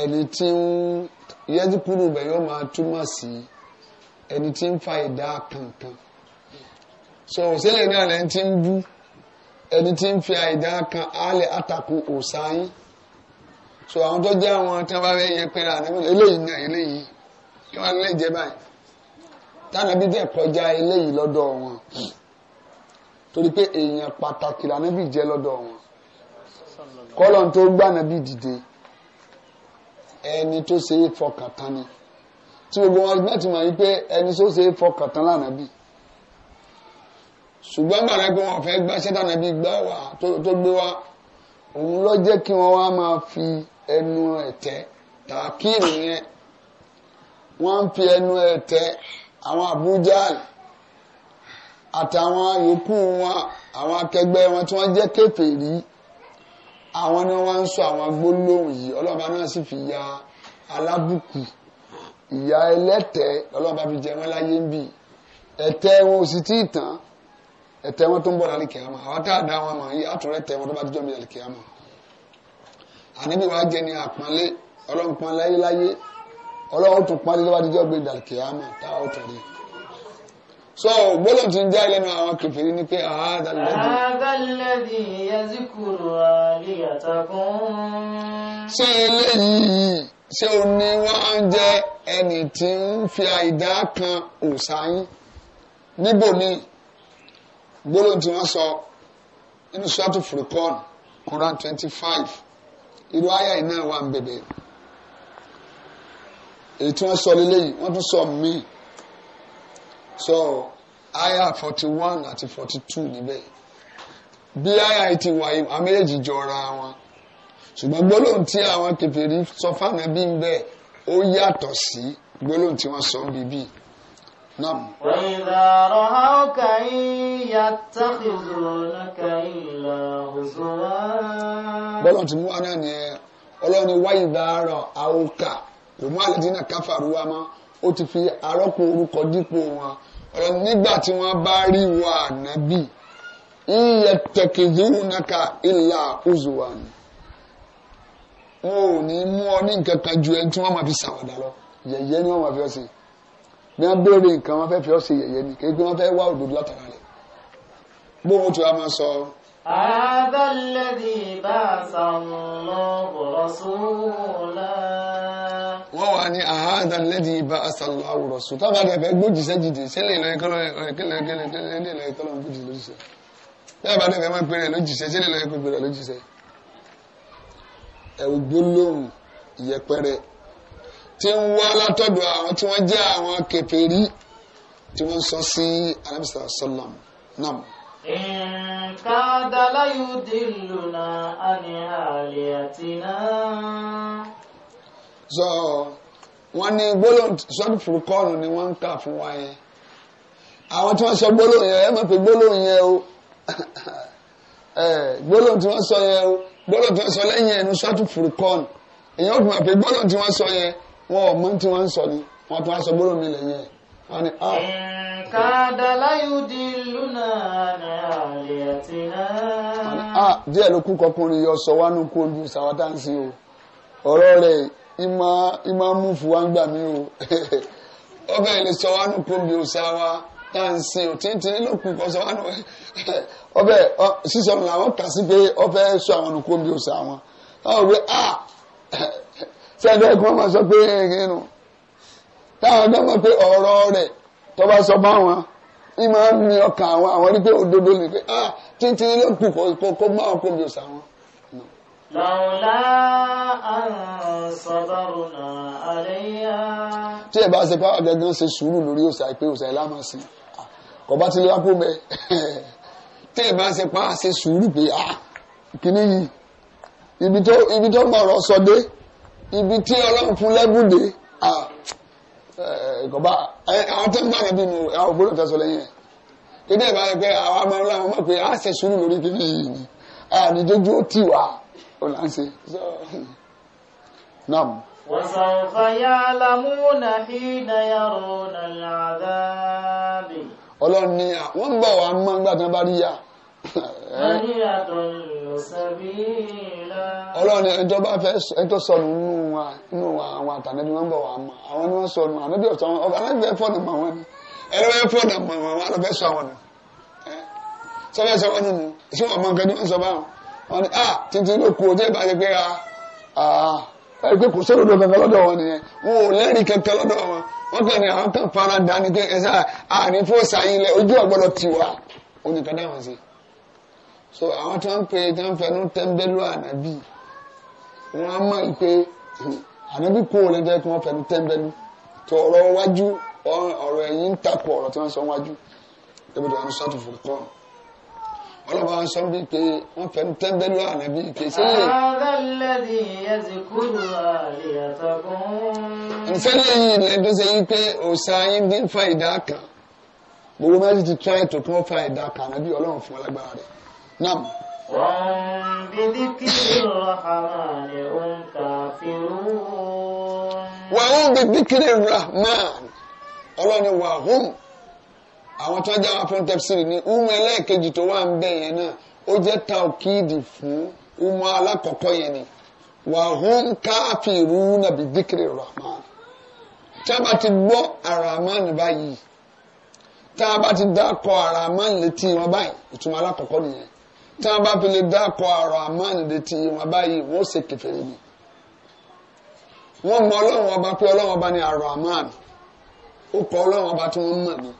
ẹni tí ń yẹ́dìkúrú bẹ̀ yóò máa túmọ̀ sí ẹni tí ń fa ìdá kankan so òsèlè náà lẹ́ni tí ń bú ẹni tí ń fi kan àálẹ̀ àtàkùn òsáyín so àwọn tó jẹ́ àwọn tí wọ́n bá fẹ́ yẹ pẹ́ra àdéhùn eléyìí náà eléyìí kí wọ́n lè jẹ́ báyìí táwọn ẹbí dẹ̀ kọjá eléyìí lọ́dọ̀ wọn torí pé èèyàn pàtàkì lànàbì jẹ́ lọ́dọ̀ wọn kọ́lọ́n tó gbànàbì dìde ẹni tó ṣe é fọkàn ni tí gbogbo wọn náà ti mọ̀ yí pé ẹni tó ṣe é fọkàn tán lànà bí ṣùgbọ́n gbàgbé pé wọ́n fẹ́ gbáṣẹ́ dáná bí gbá wà tó gbé wá òun ló jẹ́ kí wọ́n wá máa fi ẹnu ẹ̀tẹ́ tàkìrì yẹn wọ́n ń fi ẹnu ẹ̀tẹ́ àwọn àbújá àtàwọn yòókù wọn àwọn akẹgbẹ́ wọn tí wọ́n jẹ́ kèfèrí àwọn ni wọ́n ń sọ àwọn gbólóhùn yìí ọlọ́ba náà sì fi ya alábùkù ìyá ẹlẹ́tẹ̀ ọlọ́ba fi jẹ wọ́n láyé ń bì ẹ̀tẹ́ wọn ò sì tí ì tán ẹ̀tẹ́ wọn tó ń bọ̀ lálẹ́ kìámà àwọn tá a dá wọn mọ̀ yìí àtúrẹ́ tẹ wọn tó bá ti jọ́ mi kìámà àníbi wàá jẹ ní àpọ́nlé ọlọ́run pọ́n láyé láyé ọlọ́run tún pọ́n lé tó bá ti jọ́ gbé lálẹ́ kìámà táwọn ò so gbọ́dọ̀ tí ń já lẹ́nu àwọn kèfèrí ni pé àádọ́lẹ́dì. àádọ́lẹ́dì yazikuru aliyatakum. ṣé eléyìí ṣé o ní wọ́n ń jẹ́ ẹni tí ń fi àìdá kan òsáyín níbo ni gbọ́dọ̀ tí wọ́n sọ nínú sọ́ọ̀tù furukọ́n Quran twenty five irú àyà yìí náà wà ń bẹ̀bẹ̀ èyí tí wọ́n sọ lélẹ́yìn wọ́n tún sọ míì so aya forty one àti forty two níbẹ̀ bí aya yìí ti wáyé àméjì jọra wọn ṣùgbọ́n gbólóhùn tí àwọn kèfèrí sọ fáwọn ẹbí ń bẹ̀ ó yàtọ̀ sí gbólóhùn tí wọ́n sọ bíbí náà. وإذا رأوك إن يتخذونك إلا هزوا. bọ́lá ti mú aná ni ọlọ́run wáyé dáárọ̀ àwòkà kò mú àlejò náà káfàrú wa mọ́ ó ti fi arọ́pò orúkọ dípò wọn ọlọ́run nígbà tí wọ́n bá rí wa ànábì ìyẹ tẹkìdúnàkà ìlà òzùwàn wọn ò ní mú ọ ní nǹkan kan ju ẹni tí wọ́n máa fi ṣàwàdà lọ yẹ̀yẹ́ ni wọ́n máa fi ọ sí bí wọ́n béèrè nǹkan wọ́n fẹ́ fi ọ sí yẹ̀yẹ́ ni kékeré wọ́n fẹ́ wá òdodo látara rẹ̀ bó wọn tó a máa sọ. So, هذا الذي بعث الله رسولا wọ́n wá ní àhádà lẹ́dí ibà àṣàlọ́ àwòrán sùn rẹ̀ fẹ́ gbòjìṣẹ́ jìdì sílẹ̀ ìlọ ìkọlọ ìkẹlẹ̀ ìkẹlẹ̀ ìkẹlẹ̀ ìlọ ìtọ́lọ̀ gbòjì lójìṣẹ́ tábà rẹ̀ fẹ́ máa pè rẹ̀ lójìṣẹ́ sílẹ̀ ìlọ ìkọlọ̀ pè rẹ̀ ẹ̀wù gbólóhùn ìyẹpẹrẹ tí ń wá látọ̀dọ̀ àwọn tí wọ́n jẹ́ àwọn kèfèrí tí wọ́n sọ sí alábìsà sọ́lọ́m náà. إن كاد ليضلنا عن آلهتنا so wọ́n ní gbólóhùn sọ́dún fúrukọ́ọ̀nù ni wọ́n ń kà fún wa yẹn àwọn tí wọ́n sọ gbólóhùn yẹn ẹ má pè gbólóhùn yẹn o gbólóhùn tí wọ́n sọ yẹn o gbólóhùn tí wọ́n sọ lẹ́yìn ẹnu sọ́dún fúrukọ́ọ̀nù èyàn ó fi mọ̀ pé gbólóhùn tí wọ́n sọ yẹn wọn ò mọ̀ tí wọ́n sọ ni wọ́n tún wá sọ gbólóhùn mi lẹ́yìn ẹ̀ అని díẹ̀ ló kú kọkùnrin yọ sọ wánú kó ojú sàwátánsì o ọ̀rọ̀ rẹ̀ ìmá mú fún wa ń gbà mí o ọbẹ̀ lè sọ wánú kó ojú sàwátánsì o tíntìn ló kú kọ sọ wánú ọbẹ̀ sísọ ọ̀nà àwọn kà sí pé ọbẹ̀ sọ àwọn ònà kó ojú sàwọn ọ̀rọ̀ rẹ̀ ah sẹ́dẹ̀ẹ́kọ́ máa sọ pé ẹ̀ẹ́nù. táwọn ọ̀dọ́ mọ̀ pé ọ̀rọ̀ rẹ̀ tó bá sọ bá wọn ní máa ń mi ọkàn àwọn àwọn rí pé òdodo ni pé ah títí ló kù kó kó má kó bí òsà wọn. Lọ́wọ́lá àǹsọ̀bárùnà àlẹ́yà. Tí ẹ bá ṣe pàwọ́ gẹ́gẹ́ ṣe sùúrù lórí òsà pé òsà ẹ̀ lámà sí. Ah, kò bá ti lè kó bẹ́ẹ̀. Tí ẹ bá ṣe pàwọ́ ṣe sùúrù pé ah kíní yìí ibi tó ibi tó gbọ̀rọ̀ sọ dé ibi tí ọlọ́run fún lẹ́bùn dé ah ìkọ̀bá eh, eh, àwọn tó ń bá nàbí nu àwọn ògbóló tẹ́sọ lẹ́yìn ẹ̀ kéde ẹ̀ bá yẹ pé àwọn ọmọ ọlọ́run ọmọ pé á ṣe sùúrù lórí kíní yìí ni àníjójú ó tì wá ó là ń ṣe. nam. وسوف يعلمون حين يرون العذاب. ọlọ́run ni wọ́n ń bọ̀ wá mọ́ nígbà tí wọ́n bá rí yá ọlọ́run ni ẹjọ́ bá fẹ́ ẹjọ́ sọnù nínú wa nínú wa àwọn àtàlẹ́bí wọn bọ̀ wá mọ̀ àwọn ni wọ́n sọnù àbẹ́bí ọ̀tọ̀ wọn ọ̀gá aláìfẹ́ fọ́ọ̀nù mọ̀ wọn ni ẹ̀rọ ẹ̀ fọ́ọ̀nù mọ̀ wọn wọn lọ fẹ́ sọ àwọn nù sọ́fẹ́ sọ wọn nínú ṣé wọn mọ nǹkan tí sọ báwọn wọn ni ah títí ló kú ojú ìbáṣe pé ra ah ẹ pé kò sódodo kankan lọ́dọ̀ wọn nìyẹn wọn ò lẹ́rìí kankan lọ́dọ̀ wọn wọn kàn ní àwọn kan fara dání pé ẹ sáà àní fòsàn yín lẹ ojú ọ̀gbọ́dọ̀ tiwa oníkan wọn sí i so àwọn tó ń pè é tó ń fẹnu tẹ́ńbẹ́lú ànábì wọ́n á mọ̀ pé ànábì kú òun lẹ́jẹ́ kí wọ́n fẹnu tẹ́ńbẹ́lú tó ọ̀rọ̀ wájú ọ̀rọ̀ ẹ̀yìn ń takò ọ̀rọ̀ tí wọ́n sọ wájú ebi tó wọn sọ tó fún kọ́ ọlọ́ba wọn sọ bíi pé wọ́n fẹnu tẹ́ńbẹ́lú ànábì pé sẹ́lẹ̀. nsẹ́lẹ̀ yìí lẹ́dọ́ sẹ́yìn pé òòsà yín dín fa ìdá kan gbogbo mẹ́rin ti tíráyì tó kí wọ́n fa ìdá kan ànábì ọlọ́run fún ọlágbára rẹ̀. نعم وهم بذكر الرحمن هم كافرون وهم بذكر الرحمن ọlọ́run ni wàhùn àwọn tó ń jẹ́ àwọn tafsiri ni umu ẹlẹ́ẹ̀kejì tó wà ń bẹ̀ yẹn náà ó jẹ́ taokidi fún umu alákọ̀ọ́kọ́ yẹn ni wàhùn káfírúnà bí dhikri rahman tá a bá ti gbọ́ araman báyìí tá a bá ti dákọ̀ araman létí wọn báyìí ìtumọ̀ alákọ̀ọ́kọ́ nìyẹn tí wọ́n bá fi lè dákọ̀ àrọ̀ ti wọn wọ́n ṣe kèfèrí ni wọ́n mọ ọlọ́run ọba pé ọlọ́run ọba ni àrọ̀ àmánì ó kọ ọlọ́run ọba tí mọ ni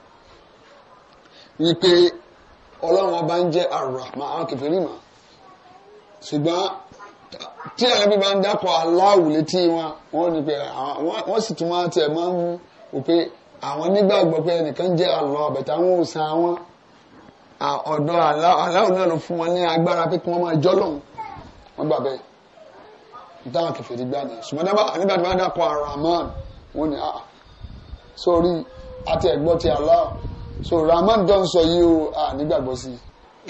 wípé ọba ń jẹ àrọ̀ àwọn mà tí àwọn bíbá ń aláwù létí wọn wọ́n pé sì tún máa ń àwọn nígbàgbọ́ pé ẹnìkan A ọdọ fún wọn ní agbára pé kí máa jọ́ lọ́hùn wọ́n gbà bẹ́ẹ̀ dáhùn kẹfẹ́ ti gbà náà ṣùgbọ́n nígbà tí wọ́n dàpọ̀ Rahman wọ́n ní sórí àti so Raman dán sọ yìí o à nígbàgbọ́ sí i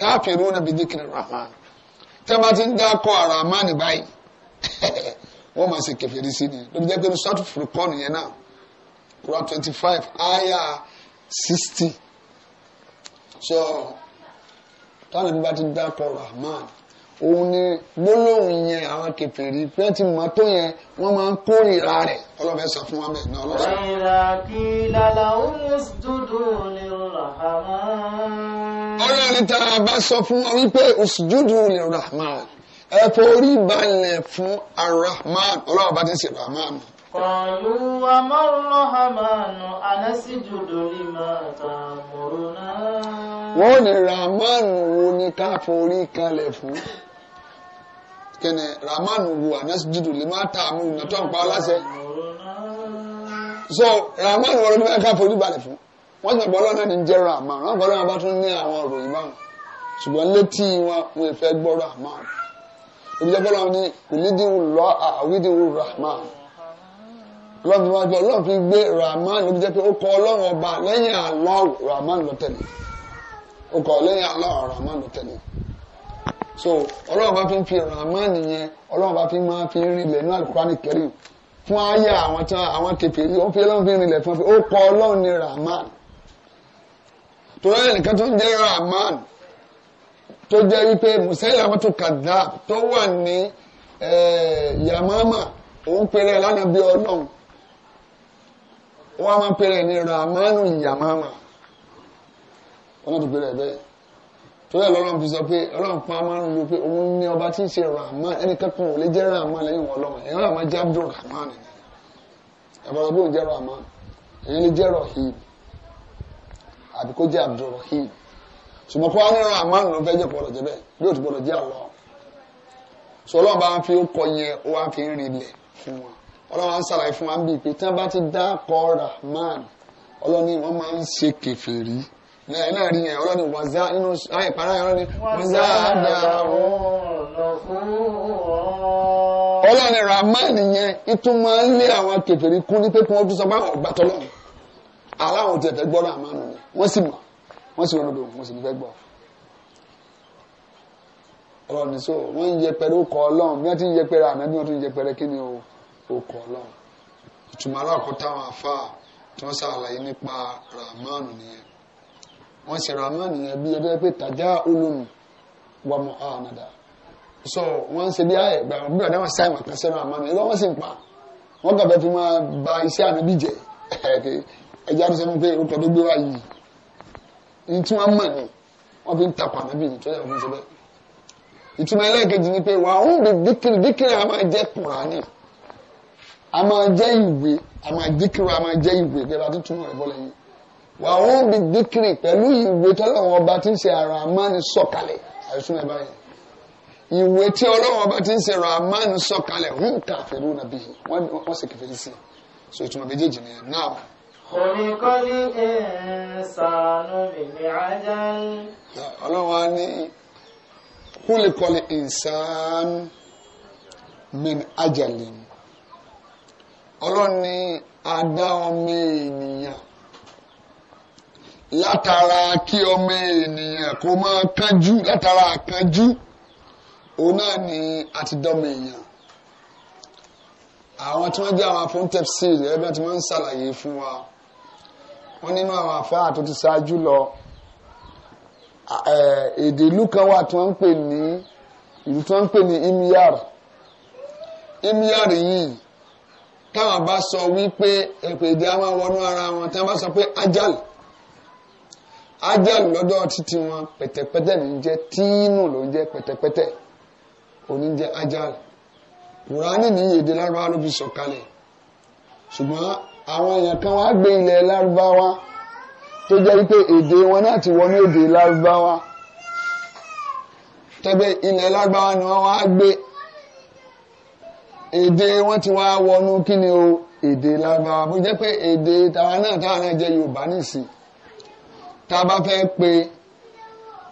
káàfin ló nàbí dìkìrì Rahman tí wọ́n bá ti ń dàpọ̀ Rahman báyìí wọ́n máa ṣe kẹfẹ́ sí ni lóbi jẹ́ pé so táwọn ẹbí bá ti dákọ rahman òun ni gbólóhùn yẹn àwọn kẹfìrí pé ti mọ tó yẹn wọn máa ń kórìíra rẹ̀ ọlọfẹ sọ fún wọn bẹ́ẹ̀ náà lọ. ọ̀rẹ́ra kí lálá òun dúdú lè rahman. ọlọ́run tá a bá sọ fún wọn wípé òsùjúdù lè rahman ẹ forí balẹ̀ fún arahman ọlọ́run bá ti ṣe rahman. قالوا وما الرحمن أنسجد لما تأمرنا wọ́n ní ramanu wo ni ká forí kalẹ̀ fún kẹ́nẹ̀ ramanu wo anasijudu lè má ta àmú ìnà tó ń pa aláṣẹ so ramanu wo ni ká forí balẹ̀ fún wọ́n ti bọ́ lọ́nà ní jẹ́ ramanu wọ́n gbọ́dọ̀ wọn bá tún ní àwọn òròyìn báwọn ṣùgbọ́n létí wọn wọn fẹ́ gbọ́ ramanu ìbíjẹ́ bọ́lá wọn ni kùlídìí wù lọ́ àwídìí wù ọlọ́run fi wá gbé ọlọ́run fi gbé rahman ló fi jẹ́ pé ó kọ ọlọ́run ọba lẹ́yìn Allah rahman ló tẹ̀lé ó kọ lẹ́yìn Allah rahman ló tẹ̀lé so ọlọ́run bá fi ń fi rahman yẹn ọlọ́run bá fi máa fi ń rinlẹ̀ ní Al-Qur'an Al-Karim fún ayé àwọn tí àwọn kèfèrí ó fi ọlọ́run fi rinlẹ̀ fún ọ kọ ọlọ́run ní rahman torí ẹnìkan tó ń jẹ́ rahman tó jẹ́ wípé Musaylamatu Kadhdhab tó wà ní eh, Yamama òun pèrè lánàá bí ọlọ́run wọ́n á máa pèrè ní ramanu yamama wọ́n náà ti pèrè bẹ́ẹ̀ tó yẹ lọ́lọ́run fi sọ pé ọlọ́run pa máa ń lo pé òun ní ọba tí ń ṣe ramanu ẹni kankan ò lè jẹ́ ramanu lẹ́yìn wọn lọ́wọ́ ẹ̀yọ́ àmọ́ jẹ́ abdul rahman ni ẹ̀bọ̀rọ̀ bí òun jẹ́ ramanu ẹ̀yìn lè jẹ́ rahim àbí kó jẹ́ abdul rahim ṣùgbọ́n kó wá ń ọlọ́run á ń sàlàyé fún wa ń bí i pé tí wọ́n bá ti dá kọ́ rahman ọlọ́ni wọ́n máa ń ṣe kèfèrí lẹ́yìn náà rí yẹn ọlọ́ni wàzá nínú ayé para yẹn ọlọ́ni wàzá dàrú. ọlọ́ni rahman yẹn itún máa ń lé àwọn kèfèrí kún ní pé kí wọ́n tún sọ pé àwọn ọgbà tọ́lọ́ aláwọn ò tẹ̀fẹ́ gbọ́ rahman yẹn wọ́n sì mọ̀ wọ́n sì rọ́dọ̀ wọ́n sì fẹ́ gbọ́ ọlọ́ni so wọ́n ń yẹpẹrẹ ó kọ ọlọ́run bí wọ́n ti ń yẹpẹrẹ àná bí wọ́n ti ń yẹpẹrẹ kí ni o orúkọ ọlọ́run ìtumọ̀ aláàkọ́ táwọn afá tí wọ́n ṣàlàyé nípa rahman nìyẹn wọ́n ṣe rahman nìyẹn bí ẹgbẹ́ pé tàjá olóhùn wà mọ́ ànàdà so wọ́n ṣe bí ayẹ gbà wọ́n bí ọ̀dá wọn sáyẹn wọn kan sẹ́nu rahman nìyẹn wọ́n sì ń pa wọ́n gbàgbẹ́ fi máa ba iṣẹ́ ànábì jẹ ẹjẹ́ àti sẹ́nu pé orúkọ tó gbé wá yìí ní tí wọ́n mọ̀ ni wọ́n fi ń tapọ̀ ànábì tó yẹ kó fi ṣe ìtumọ̀ ẹlẹ́ẹ̀kejì ni pé wà ń bí díkìrì díkìrì á máa jẹ́ kùránì a máa jẹ́ ìwé a máa díkìrì a máa jẹ́ ìwé gẹ́gẹ́ bá ti túmọ̀ rẹ̀ bọ́lẹ̀ yìí wà ó ń bi díkìrì pẹ̀lú ìwé tọ́lọ́wọ́n ọba ti ń ṣe àràmánì sọ̀kalẹ̀ àìsùn ẹ̀ báyìí ìwé tí ọlọ́wọ́n ọba ti ń ṣe àràmánì sọ̀kalẹ̀ ń ta àfẹ́rù nàbí wọ́n sì kẹfẹ́ sí i so ìtumọ̀ méjèèjì nìyẹn náà. kòríkọ́lì ìsànù bìbí ajá. ọlọ́wọ́n á ní kúlìkọ́lì ìsànù min ajalin ọlọ́run ni a dá ọmọ ènìyàn látara kí ọmọ ènìyàn kó máa kánjú látara kánjú òun náà ni a ti dọ́mọ èèyàn àwọn tí wọ́n jẹ́ àwọn afọ́ńtẹ́psì rẹ̀ bí wọ́n ti máa ń ṣàlàyé fún wa wọ́n nínú àwọn àfáà tó ti ṣáájú lọ èdè ìlú kan wà tí wọ́n ń pè ní ìlú tí wọ́n ń pè ní imiar imiar yìí táwọn bá sọ wípé èpèdè á máa wọnú ara wọn tí wọ́n bá sọ pé ajal ajal lọ́dọ̀ títí wọn pẹ̀tẹ̀pẹ̀tẹ̀ ní jẹ́ tíínù ló jẹ́ pẹ̀tẹ̀pẹ̀tẹ̀ òní jẹ́ ajal kùránì ní èdè lárúbáwá ló fi sọ̀kalẹ̀ ṣùgbọ́n àwọn èèyàn kan wá gbé ilẹ̀ lárúbáwá tó jẹ́ wípé èdè wọn náà ti wọnú èdè lárúbáwá tẹ́gbẹ́ ilẹ̀ lárúbáwá ni wọ́n wá gbé èdè wọn ti wá wọnú kí ni o èdè lágbára bó jẹ́ pé èdè tàwa náà táwa náà jẹ́ yorùbá nìsín tá a bá fẹ́ pe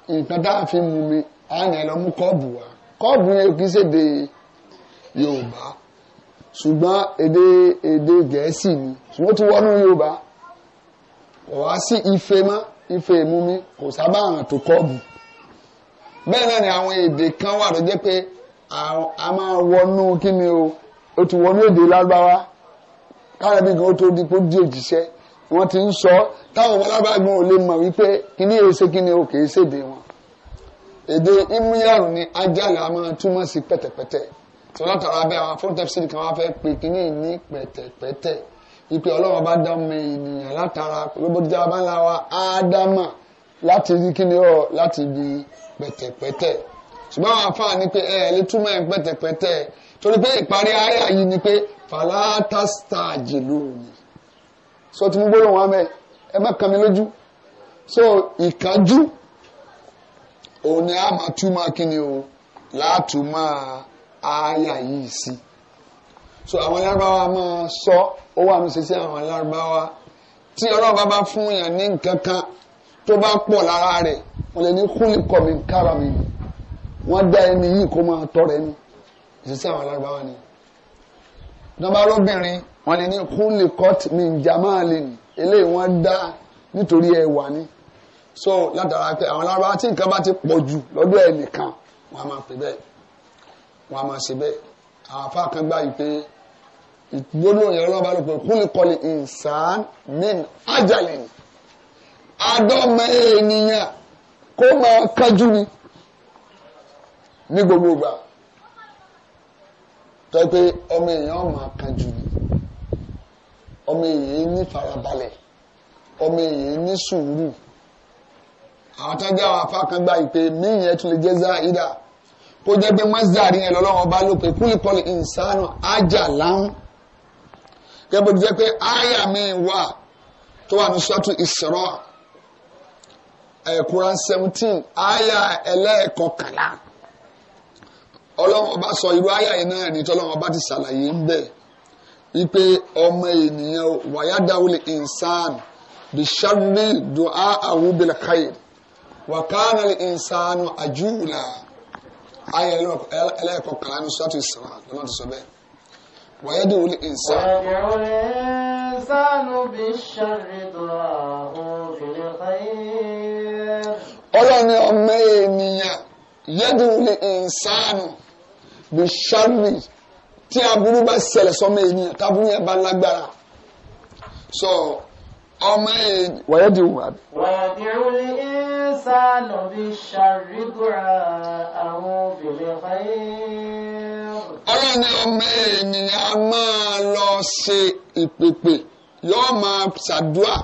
nǹkan tá a fi mú mi á nà ẹ lọ mú kọ́ọ̀bù wá kọ́ọ̀bù yẹn kì í ṣèdè yorùbá ṣùgbọ́n èdè èdè gẹ̀ẹ́sì ni ṣùgbọ́n ti wọnú yorùbá kò wá sí ife mọ́ ife ìmúmi kò sábà hàn tó kọ́ọ̀bù bẹ́ẹ̀ náà ni àwọn èdè kan wà ló pé a máa wọnú kí ni o ó ti wọnú èdè lárúbáwá káàdà bí gan ó tó di kó di òjíṣẹ́ wọ́n ti ń sọ táwọn alábàágbọ́n ò lè mọ̀ wípé kí ni èsè kí ni o kì í ṣèdè wọn èdè imúyàrún ni ajálà máa túmọ̀ sí pẹ̀tẹ̀pẹ̀tẹ̀ tí wọ́n látara bẹ́ẹ̀ àwọn fún tẹ́pẹ́sì kan wá fẹ́ pè kí ni ní pẹ̀tẹ̀pẹ̀tẹ̀ ipe ọlọ́run bá dá ọmọ ènìyàn látara olóbójútà bá ńlá wa ádámà láti rí kí ni ọ láti di pẹ̀tẹ̀pẹ̀tẹ̀ ṣùgbọ́n àwọn afáà ní pé ẹ lè túmọ̀ ẹ̀ pẹ́tẹ́pẹ́tẹ́ torí pé ìparí àyà yìí ni pé fàlátàstà jìlú ni sọ ti mú gbólóhùn amẹ ẹ má kàn mí lójú so ìkájú òun ni a máa túmọ̀ kíni o látùmọ̀ àyà yìí sí so àwọn lárúbáwá máa sọ ó wà mí sẹ́sẹ́ àwọn lárúbáwá tí ọlọ́ọ̀bá bá fún yàn ní nǹkan kan tó bá pọ̀ lára rẹ̀ wọ́n lè ní kúlìkọ̀ mi kára mi nù wọ́n dá ẹni yìí kó máa tọrọ ẹni ìṣiṣẹ́ àwọn alárùbáwá ni. nọ́mbà lóbìnrin wọ́n lè ní kúnlẹ̀ court min jamalin eléyìí wọ́n dá nítorí ẹwà ni so látara pé àwọn alárùbáwá tí nǹkan bá ti pọ̀ jù lọ́dọ̀ ẹnìkan wọ́n á máa pè bẹ́ẹ̀ wọ́n á máa ṣe bẹ́ẹ̀ àwọn afá kan gbá yìí pé gbólóhùn yẹn lọ́ba ló pé kúlíkọlì ìsàn min ajalin adọ́mọ ènìyàn kó máa kájú ni ní gbogbo ìgbà tó yẹ pé ọmọ èèyàn máa kanjú ni ọmọ èèyàn ní farabalẹ̀ ọmọ èèyàn ní sùúrù àwọn tájá àwọn afákangbá ìpè míì yẹn tún lè jẹ́ záìdá kó jẹ́ pé mọ́sálárì yẹn lọ́lọ́wọ́n bá lò pé kúlìkọ́lì ìsánù ájà láhùn gẹ́gẹ́ jẹ́ pé áyà mi wà tó wà ní sọ́tù Isra Quran seventeen áyà ẹlẹ́ẹ̀kọkànlá ọlọ́run ọba sọ irú àyà yẹn náà ní tọ́lọ́run ọba ti ṣàlàyé ń bẹ̀ wípé ọmọ ènìyàn wàyádàwọlé ìnsán bìṣàmì dùá àwùbìlẹ̀ káyè wàkánà ìnsán àjùlá àyà ẹlẹ́ẹ̀kọ́ kàlá ní sọ́tù ìsìnrà lọ́nà tó sọ bẹ́ẹ̀ wàyádàwọlé ìnsán. ọlọ́run ọmọ ènìyàn yẹ́dùn ní ìnsánù bí sáré tí aburú bá ṣẹlẹ̀ sọmọ ènìyàn taburú yẹn bá lágbára so ọmọ ènìyàn. wàyẹ̀ di wà. wàdìrú ni ìsànù bí sáré gbọ́ra àwọn obìnrin fàyè. ọlọ́run ni ọmọ ènìyàn máa lọ ṣe ìpèpè yóò máa ṣàdúrà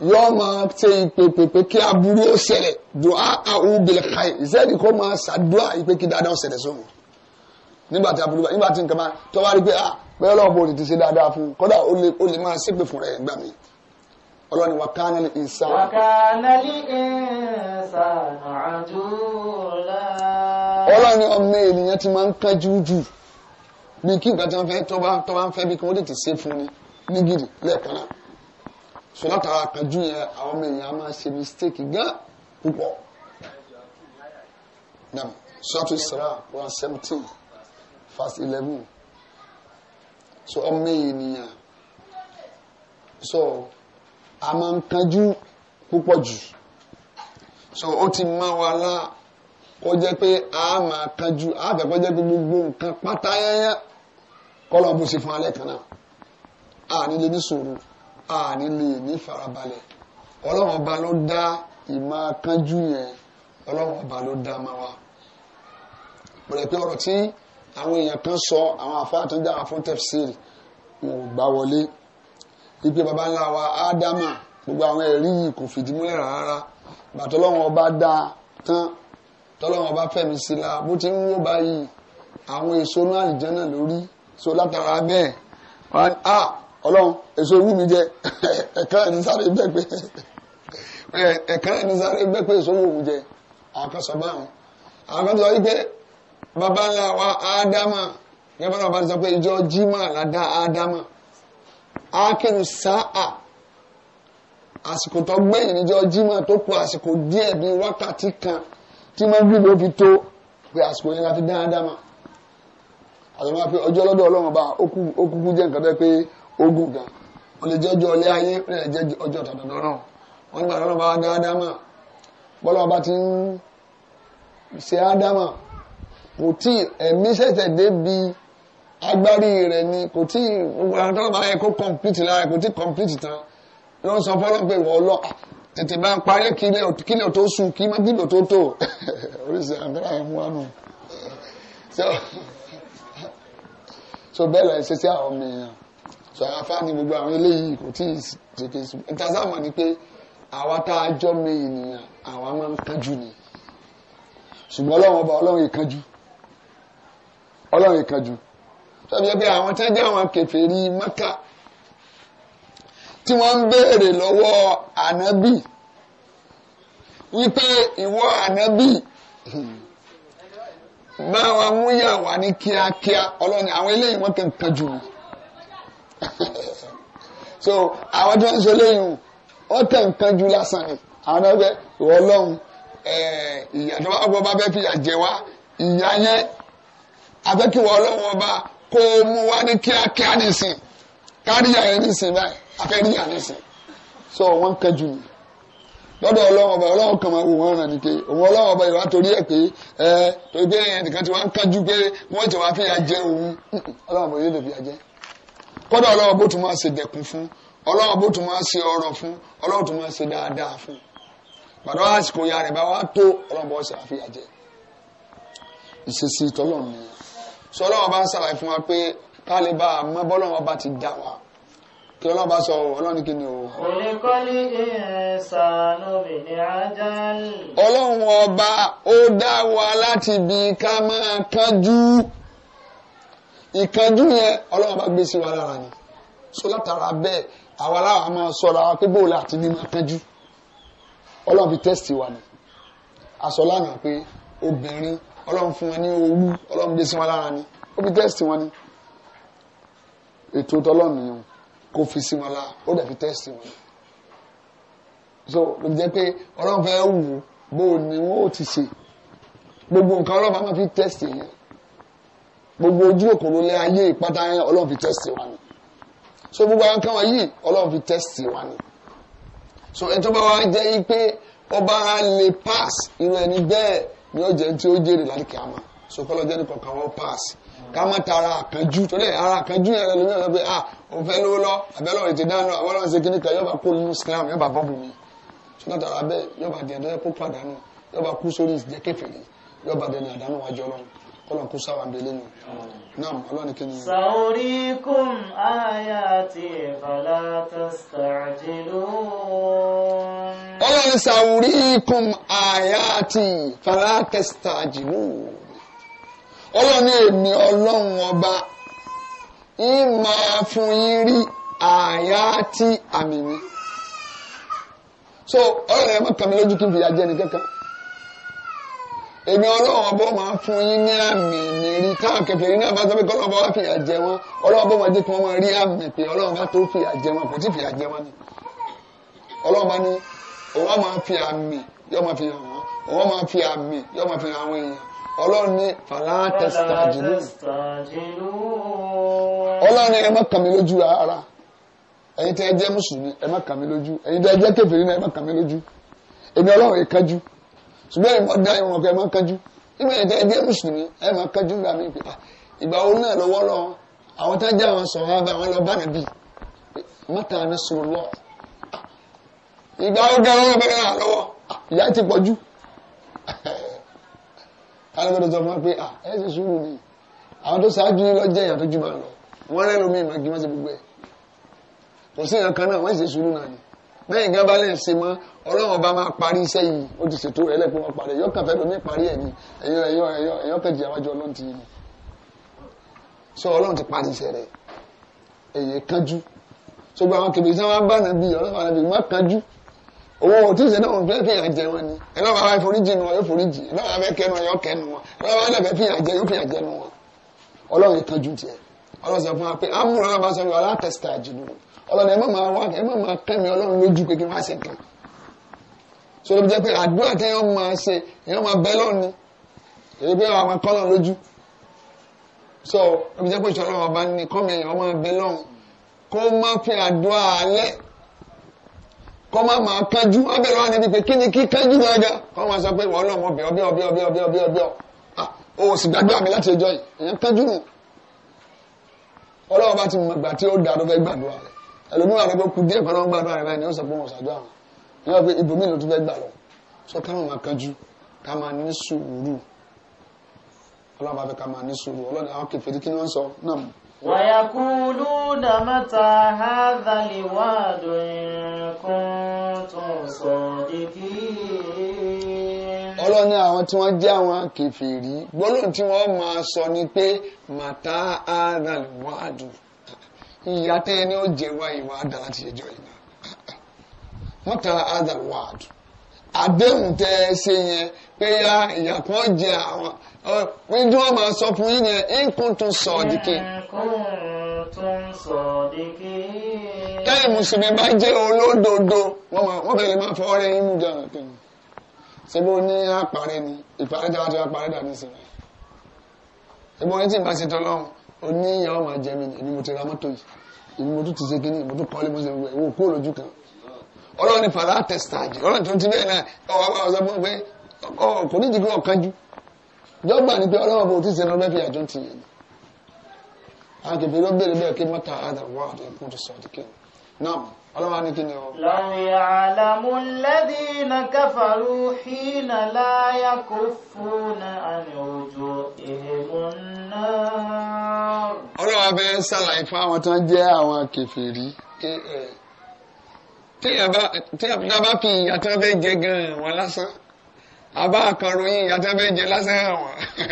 yóò máa ṣe ìpèpè pé kí aburú ó ṣẹlẹ̀ dùá àwọn obìnrin kan zẹ́ẹ̀dì kó máa ṣàdúrà ìpè kí dáadáa ó ṣẹlẹ̀ sóhun nígbà tí aburú nígbà tí nǹkan máa tó bá rí pé ah bẹ́ẹ̀ lọ́wọ́ bó o ti ṣe dáadáa fún un kódà ó lè máa ṣépè fún rẹ̀ gbà mí ọlọ́ni wà kánà lè ìsàn. wà kánà lè ìsàn àjùlá. ọlọ́ni ọmọ ènìyàn ti máa ń kánjú jù bí kí nǹkan tí wọ́n fẹ́ tó bá ń fẹ́ bí kí wọ́n lè ti ṣe fún ni ní gidi lẹ́ẹ̀kan náà so látara àkànjú yẹn àwọn ọmọ èèyàn máa ṣe mistake gan púpọ̀ nam sọ́tù sara one seventeen verse eleven so ọmọ ènìyàn so a máa ń kánjú púpọ̀ jù so ó ti mọ́ wa lá kó jẹ́ pé a máa kánjú a fẹ́ kó jẹ́ pé gbogbo nǹkan pátá yẹ́yẹ́ kọ́ lọ́ọ́ bó ṣe fún alẹ́ kan náà a nílé ní sùúrù àní lè ní farabalẹ̀ ọlọ́run ọba ló dá ìmọ̀ kánjú yẹn ọlọ́run ọba ló dá máa wá pẹ̀lẹ́pẹ́ ọ̀rọ̀ tí àwọn èèyàn kan sọ àwọn àfáà tó ń dára fún tefsir ò gbá wọlé wípé baba ńlá wa ádámà gbogbo àwọn ẹ̀rí yìí kò fìdí múlẹ̀ rárá bàtọ́lọ́run ọba dá tán tọ́lọ́run ọba fẹ̀mí sí la bó ti ń wó báyìí àwọn èso náà àlìjẹ́ náà lórí so látara bẹ́ẹ̀ ọlọ́run èso ewu mi jẹ ẹ̀kan ẹni sáré bẹ́ẹ̀ pé ẹ̀kan ẹni sáré bẹ́ẹ̀ pé èso ewu mi jẹ àwọn kan sọ báwọn àwọn kan sọ wípé bàbá ńlá wa ádámà yẹ́nbọ́n náà bá ti sọ pé ìjọ jimá ládá ádámà ákínú sáà àsìkò tó gbẹ̀yìn níjọ jimá tó kù àsìkò díẹ̀ bíi wákàtí kan tí mo gbé ló fi tó pé àsìkò yẹn la dá ádámà àtàwọn máa fi ọjọ́ lọ́dọ̀ ọlọ́run ọba ó jẹ́ nǹkan bẹ́ẹ̀ pé ogun gan ó lè jẹ́jọ́ ọlẹ́ ayé ó lè jẹ́jọ́ ọjọ́ tọ̀dọ̀dọ̀ náà wọ́n nígbà tó bá dá ádámà bọ́lá ọba ti ń ṣe ádámà kò tí ẹ̀mí ṣẹ̀ṣẹ̀ débi agbárí rẹ̀ ni kò tí gbogbo àwọn tọ́lọ́ bá yẹ kó complete lára kò tí complete tán ló ń sọ fọ́lọ́ pé wọ́n lọ tètè bá ń parí kílẹ̀ tó sùn kí má bílò tó tò oríṣi àgbàrá ẹ̀ mú nù so bẹ́ẹ̀ la ẹ̀ ṣe sí àwọn ọmọ èèyàn so àfa ni gbogbo àwọn eléyìí kò tí ì tètè sùn ìtajà mọ̀ ni pé àwa tá a jọ́ mi ènìyàn àwa máa ń kánjú ni ṣùgbọ́n ọlọ́run ọba ọlọ́run ìkánjú ọlọ́run ìkánjú sọ́bi ẹgbẹ́ àwọn tí wọ́n jẹ́ àwọn kèfèrí Mẹ́kà tí wọ́n ń béèrè lọ́wọ́ ànábì wípé ìwọ ànábì bá wa mú wá ní kíákíá ọlọ́run àwọn eléyìí wọ́n kàn kánjú ni. so àwọn tó ń ṣe léyìn wọn tẹ̀ ń kánjú lásán ni àwọn náà fẹ́ ìwọ ọlọ́run ìyá tó bá gbọ́ bá fẹ́ fìyà jẹ wá ìyá yẹn abẹ́kíwọ ọlọ́run ọba kó o mú wá ní kíákíá nìsín káríyà yẹn nìsín báyìí afẹ́ríyà nìsín so wọ́n ń kánjú ni lọ́dọ̀ ọlọ́run ọba ọlọ́run kan máa wò wọ́n ràn ní pé òun ọlọ́run ọba ìwà torí ẹ̀ pé ẹ torí pé ẹnìkan ti wá ń kánjú pé wọ́n ti wá fìyà jẹ òun ọlọ́run ọba yóò lè fìyà jẹ kódà ọlọ́run bó tún máa ṣe dẹ̀kun fún ọlọ́run bó tún máa ṣe ọrọ̀ fún ọlọ́run tún máa ṣe dáadáa fún gbàdọ́ àsìkò ya rẹ̀ bá wá tó ọlọ́run bọ́ ṣe àfihàn jẹ ìṣesí tọ́lọ́run ni sọ ọlọ́run bá ń ṣàlàyé fún wa pé ká lè bá a mọ bọ́lọ́run ọba ti dá wa kí ọlọ́run bá sọ ọlọ́run kí ni o. olùkọ́lé ìsànú mi ní ajá ìkanjú yẹn ọlọ́run bá gbé sí wa lára ni so látara bẹ́ẹ̀ àwa láwa máa sọ̀rọ̀ àwa pé bóòlù àti ní kanjú ọlọ́run fi tẹ́sítì wa ni aṣọ lánàá pé obìnrin ọlọ́run fún wọn ní owú ọlọ́run gbé sí wa lára ni ó fi tẹ́sítì wọn ni ètò tọ́lọ́run yẹn kò fi sí wọn lára ó dẹ̀ fi tẹ́sítì wọn ni so ló jẹ́ pé ọlọ́run fẹ́ wù bóòlù ni wọ́n ó ti ṣe gbogbo nǹkan ọlọ́run máa fi tẹ́sítì yẹn gbogbo ojú òkòrò lé ayé ìpátá ọlọ́run fi tẹ́sì wa ni so gbogbo àwọn kan wọ̀nyí ọlọ́run fi tẹ́sì wa ni so ẹni tó bá wá jẹ́ yí pé ọba lè pass irú ẹni bẹ́ẹ̀ ni ó jẹ́ tí ó jèrè lálùkì àmà so kọ́lọ́ jẹ́ nìkan kan wọ́n pass ká má ta ara àkànjú torí ara àkànjú yẹn lẹ́nu náà lọ́pẹ́ ah òun fẹ́ lówó lọ àbẹ́lọ́ ètè dáná àbẹ́lọ́ ṣe kíní kan yọba kó nínú scram yọba bọ́ọ̀bù mi so látara bẹ́ẹ̀ yọba dẹ̀ẹ́dẹ́ kó padànù yọba kú sórí ìjẹ́kẹ̀fẹ̀ yọba dẹ̀ẹ́dẹ́ àdánù wájú kọ́lọ̀n kú sáwà délé nù náà ọlọ́ni kí ni. sàóríkùn ayati fala tasta'jilun. ọlọ́ni sàóríkùn ayati fala tasta'jilun. ọlọ́ni èmi ọlọ́run ọba ń máa fún yín rí ayati àmì mi. so ọlọ́run ẹ̀ mọ̀ kàmí lójú kí n fìyà jẹ́ nìkan kan èmi ọlọ́run ọbọ̀ máa fún yín ní àmì ìlérí táwọn kẹfẹ́ yín náà bá sọ pé kọ́lọ́ ọba wá fìyà jẹ wọn ọlọ́run ọbọ̀ máa jẹ́ kí wọ́n máa rí àmì pé ọlọ́run bá tó fìyà jẹ wọn kò tí fìyà jẹ wọn ni ọlọ́run bá ní òun máa fi àmì yóò máa fi hàn wọ́n òun máa fi àmì yóò máa fi hàn àwọn èèyàn ọlọ́run ní fàlà tẹ̀sítà jùlọ ọlọ́run ní ẹ má lójú ara ẹ̀yin tẹ́ ẹ jẹ́ mùsùlùmí ẹ má kàn mí lójú ẹ̀yin tẹ́ ẹ jẹ́ kèfèrí náà ẹ má kàn lójú èmi ọlọ́run ìkanjú ṣùgbọ́n ìwọ́n dá ìwọ̀n kẹ́ ẹ máa kánjú nígbà yẹn tẹ́ ẹ jẹ́ mùsùlùmí ẹ máa kánjú gbà mí pé ìgbà wo náà lọ́wọ́ lọ àwọn tá jẹ́ àwọn sọ̀rọ̀ àbá àwọn lọ bá nàbí mọ́ta ní sọ̀rọ̀ lọ. ìgbà wo gan wọn bẹ̀rẹ̀ náà lọ́wọ́ ìyá ti pọ̀jù. alágbàdo sọ fún wa pé ẹ ṣe sùúrù ni àwọn tó ṣáájú yín lọ jẹ́ ìyá tó jù máa lọ wọ́n rẹ́ lómi ìmàgí wọ́n ṣe gbogbo ẹ̀ kò sí ìyàn kan náà wọ́n ṣe sùúrù náà ni bẹ́ẹ̀ gan balẹ̀ ṣe mọ́ ọlọ́run ọba máa parí iṣẹ́ yìí ó ti ṣètò rẹ̀ lẹ́kùn wọn parí ẹ̀yọ́ kàfẹ́ lómi parí ẹ̀ ni ẹ̀yọ́ ẹ̀yọ́ ẹ̀yọ́ ẹ̀yọ́ kẹjì àwájú ọlọ́run ti yìí so ọlọ́run ti parí iṣẹ́ rẹ̀ èyí kánjú so gba àwọn kèbè sáwọn bá nà bí ọlọ́run àbí má kánjú owó òtí ìṣẹ́ náà fẹ́ fi hàn jẹ wọn ni ẹlọ́run àwọn ìforíjì nu wọn yóò foríjì ẹlọ́run àwọn kẹnu wọn yóò kẹnu wọn ẹlọ́run àwọn ẹlẹ́fẹ́ fi hàn jẹ yóò fi hàn jẹ nu wọn ọlọ́run kánjú tiẹ̀ ọlọ́run sọ fún wa pé amúra náà bá sọ fún wa látẹ̀sítà jù nù ọlọ́run ẹ má máa wá ẹ sọlọ bí jẹ́ pé àdúrà téèyàn máa ṣe èèyàn máa bẹ́ lọ́ni èyí pé àwọn máa kọ́lọ̀ lójú so ẹbí jẹ́ pé ìṣòro àwọn ọba ní kọ́mi èèyàn máa bẹ́ lọ́hùn kó má fi àdúrà alẹ́ kó má máa kánjú abẹ́rẹ́ wa níbi pé kí ni kí kánjú gángan kó máa sọ pé wọ́n lọ́ mọ bíọ́ bíọ́ bíọ́ bíọ́ bíọ́ bíọ́ bíọ́ o sì gbàdúrà mi láti ẹjọ́ yìí èèyàn kánjú nù ọlọ́wọ́ bá ti mọ̀ gbà tí ó dà ló fẹ́ gbàdúrà rẹ̀ ẹlòmíràn rẹ̀ bó ku díẹ̀ pẹ̀lú gbàdúrà rẹ̀ báyìí ni ó sọ pé wọ́n ṣàdúrà wọn ní wọ́n fi ibòmí ló tún fẹ́ gbà lọ sọ ká máa kanjú ká máa ní sùúrù ọlọ́run bá fẹ́ ká máa ní sùúrù ọlọ́run àwọn kẹfẹ́ kí ni wọ́n sọ náà. ويقولون متى هذا الوعد إن كنتم صادقين. ọlọ́ni àwọn tí wọ́n jẹ́ àwọn kẹfìrí gbólóhùn tí wọ́n máa sọ ni pé màtá àádàlùwádùn ìyá tẹ́ ẹni ó jẹ́ wá ìwà àdàlà ti ṣèjọ ìgbà wọ́n tara other word àdéhùn tẹ́ ẹ ṣe yẹn pé ya ìyà kan jẹ àwọn pé kí wọ́n máa sọ fún yín yẹn nǹkan tún sọ ọ̀dìkì. kẹ́yìn mùsùlùmí bá jẹ́ olódodo wọ́n bẹ̀rẹ̀ máa fọ́ ọrẹ́ yín mú jọ àpè wọn ṣebí ó ní àpàrẹ ni ìpàrẹ tí wọ́n ti wá parẹ́ dàbí sinmi ṣebí ó ní tí ì bá ṣe tọ́lọ́run ó ní ìyàwó máa jẹ mi ni èmi mo ti ra mọ́tò yìí èmi mo tún ti ṣe kínní mo tún kọ́lé mo ṣe gbogbo ìwò ọlọ́run ní fàlà tẹ̀sítàjì ọlọ́run tó ti bẹ́ẹ̀ náà ọwọ́ àwọn ọ̀sán fún pé kò ní jìgún ọ̀kan jù jọ́gbà ni pé ọlọ́run bò tí sẹ́nu ọlọ́run fi àjọ ti yẹn àgbègbè ló bèrè bẹ́ẹ̀ kí mọ́tà àdà wà á dẹ̀ kún sọ ọ́dí kẹ́wọ̀n náà ọlọ́run ní kí ni ọ. lọ́ọ̀yà àlàmúlẹ́dì na káfàrú hínà láyà kó fún àmì òjò ìhèmọ̀ náà. ọlọ́run abẹ́ sàlàyé fún àwọn tó ń jẹ́ àwọn kèfèrí téèyàn bá téèyàn bá fi ìyá tí wọ́n fẹ́ jẹ gan-an àwọn lásán àbá akọ̀ròyìn ìyá tí wọ́n fẹ́ jẹ lásán àwọn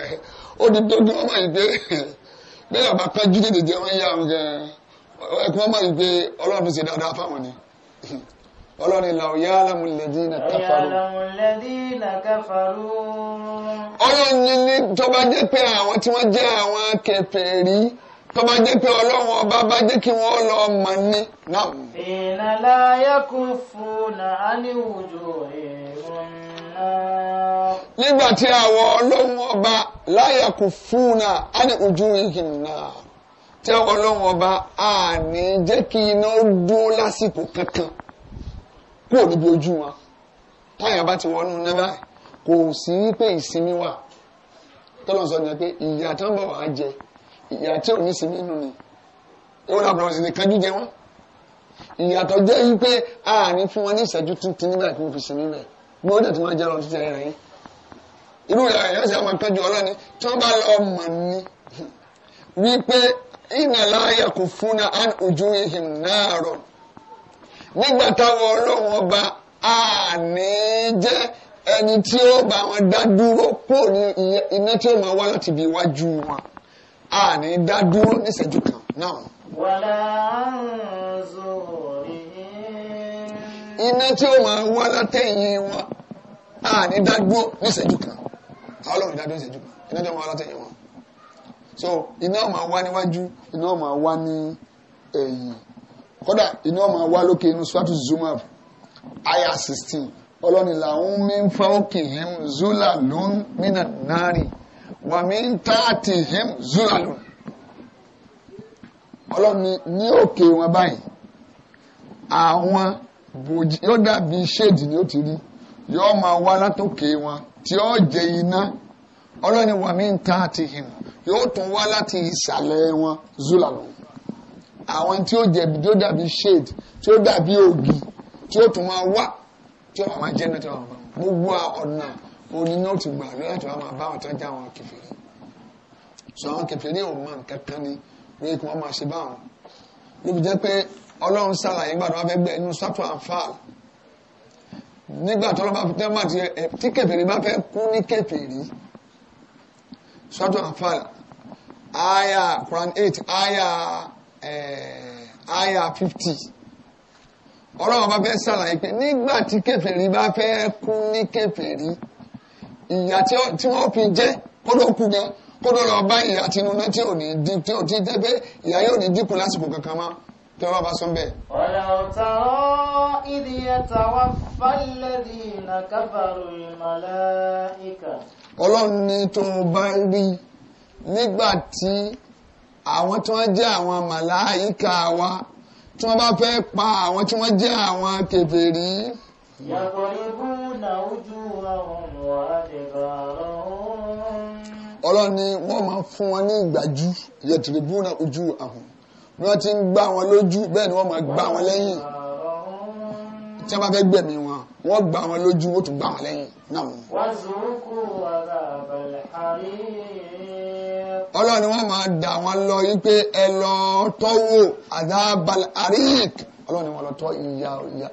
ó di tó dún ọmọ yìí pé bẹ́ẹ̀ bá kájú tètè jẹ wọ́n yá wọn gan-an ẹ̀kọ́ ọmọ yìí pé ọlọ́run ṣe dáadáa fáwọn ni ọlọ́run ìlà òyà alámúlẹ̀dí na káfàrú. ọlọ́run ní tó jẹ́ pé àwọn tí wọ́n jẹ́ àwọn kèfèrí tó bá jẹ́ pé ọlọ́run ọba bá jẹ́ kí wọ́n lọ ọmọ ní náà. ìlànà ayẹ́kùn fún àníwùjọ ìrùn náà. nígbà tí àwọn ọlọ́run ọba láyẹ̀kùn fún àníwùjọ ìrùn náà tí àwọn ọlọ́run ọba àní jẹ́ kí iná dúró lásìkò kankan kúrò níbi ojú wọn táyà bá ti wọnú nígbà kò sí pé ìsinmi wà tọ́lọ́sọ ni pé ìyá tó ń bọ̀ wá jẹ ìyá tí ò ní sinmi ni ó rà bọ̀rọ̀ sí ní kájú jẹ wọn ìyàtọ̀ jẹ́ yí pé àárín fún wọn ní ìṣẹ́jú tuntun nígbà tí mo fi sinmi rẹ̀ mo dẹ̀ tí wọ́n jẹ́ lọ títí ẹ̀rẹ̀ yín irú ìyá ẹ̀yọ́ sì àwọn akẹ́jọ ọlọ́ni tí wọ́n bá lọ mọ̀ ní wípé iná láàyè kò fúnra án ojú ihim náà nígbà táwọn ọlọ́run ọba àní jẹ́ ẹni tí ó bá wọn dá dúró kó ní iná tí ó máa wá láti ibi iwájú wọn a ní dá dúró níṣẹ́jú kan náà. wàlá zòrí. iná tí ó máa wá látẹ̀yìn wọn a ní dá dúró níṣẹ́jú kan àwọn ọlọ́run ìdádúró níṣẹ́jú kan iná tí ó máa wá látẹ̀yìn wọn. so iná máa wá níwájú iná máa wá ní ẹ̀yìn kódà iná máa wá lókè inú swatu zumar aya sixteen ọlọ́ni làwọn mi ń fa òkè yẹn zula ló ń mìnà náà rìn wàmí ń tá àti him zulalu ọlọ́ni ní òkè wọn báyìí àwọn bòjì yóò dàbí ṣéèdì ni ó ti rí yóò máa wá látòkè wọn tí ó jẹ iná ọlọ́ni wàmí ń tá àti him yóò tún wá láti ìsàlẹ̀ wọn zulalu àwọn tí ó jẹbi tí ó dàbí shade tí ó dàbí ògì tí ó tún máa wá tí ó máa jẹ́ nítorí ọ̀nà gbogbo ọ̀nà orí náà ti gbà lóyè tó wà máa bá ọ̀tá já àwọn kẹfìrí sọ àwọn kẹfìrí ò mọ nǹkan kan ni lóyè kí wọ́n máa ṣe báwọn níbi jẹ́ pé ọlọ́run ṣàlàyé gbàdúrà fẹ́ gbẹ inú sátú àǹfààl nígbà tó lọ́ba fi tẹ́lẹ̀ àti ẹ̀ tí kẹfìrí bá fẹ́ kú ní kẹfìrí sátú àǹfààl aya Quran eight aya eh, aya fifty ọlọ́run bá fẹ́ ṣàlàyé pé nígbà tí kẹfìrí bá fẹ́ kú ní kẹfìrí ìyà tí wọ́n fi jẹ́ kódó kú gan kódó lọ bá ìyà tinúná tí ò ní dín tí ò ti jẹ́ pé ìyà yóò ní dínkù lásìkò kankan mọ́ tí wọ́n bá sọ bẹ́ẹ̀. ọ̀rẹ́ ọ̀tá ìdí ẹ̀ta wá fálẹ́dì ìnà kábàrò ìmọ̀lẹ́ ìkà. ọlọ́run ní tó bá rí nígbà tí àwọn tí wọ́n jẹ́ àwọn màláìka wa tí wọ́n bá fẹ́ pa àwọn tí wọ́n jẹ́ àwọn kèfèrí ọlọ́run ni wọ́n máa fún wọn ní ìgbájú yẹtìrìbùnà ojú àhùn bí wọ́n ti ń gbá wọn lójú bẹ́ẹ̀ ni wọ́n máa gbá wọn lẹ́yìn tí wọ́n bá fẹ́ gbẹ̀mí wọn wọ́n gbá wọn lójú wọ́n tún gbá wọn lẹ́yìn náà. ọlọ́run ni wọ́n máa dà wọ́n lọ yí pé ẹ lọ tọ́wọ́ àdábàlẹ̀ àríyìkì ọlọ́run ni wọ́n lọ tọ́ ìyá ìyá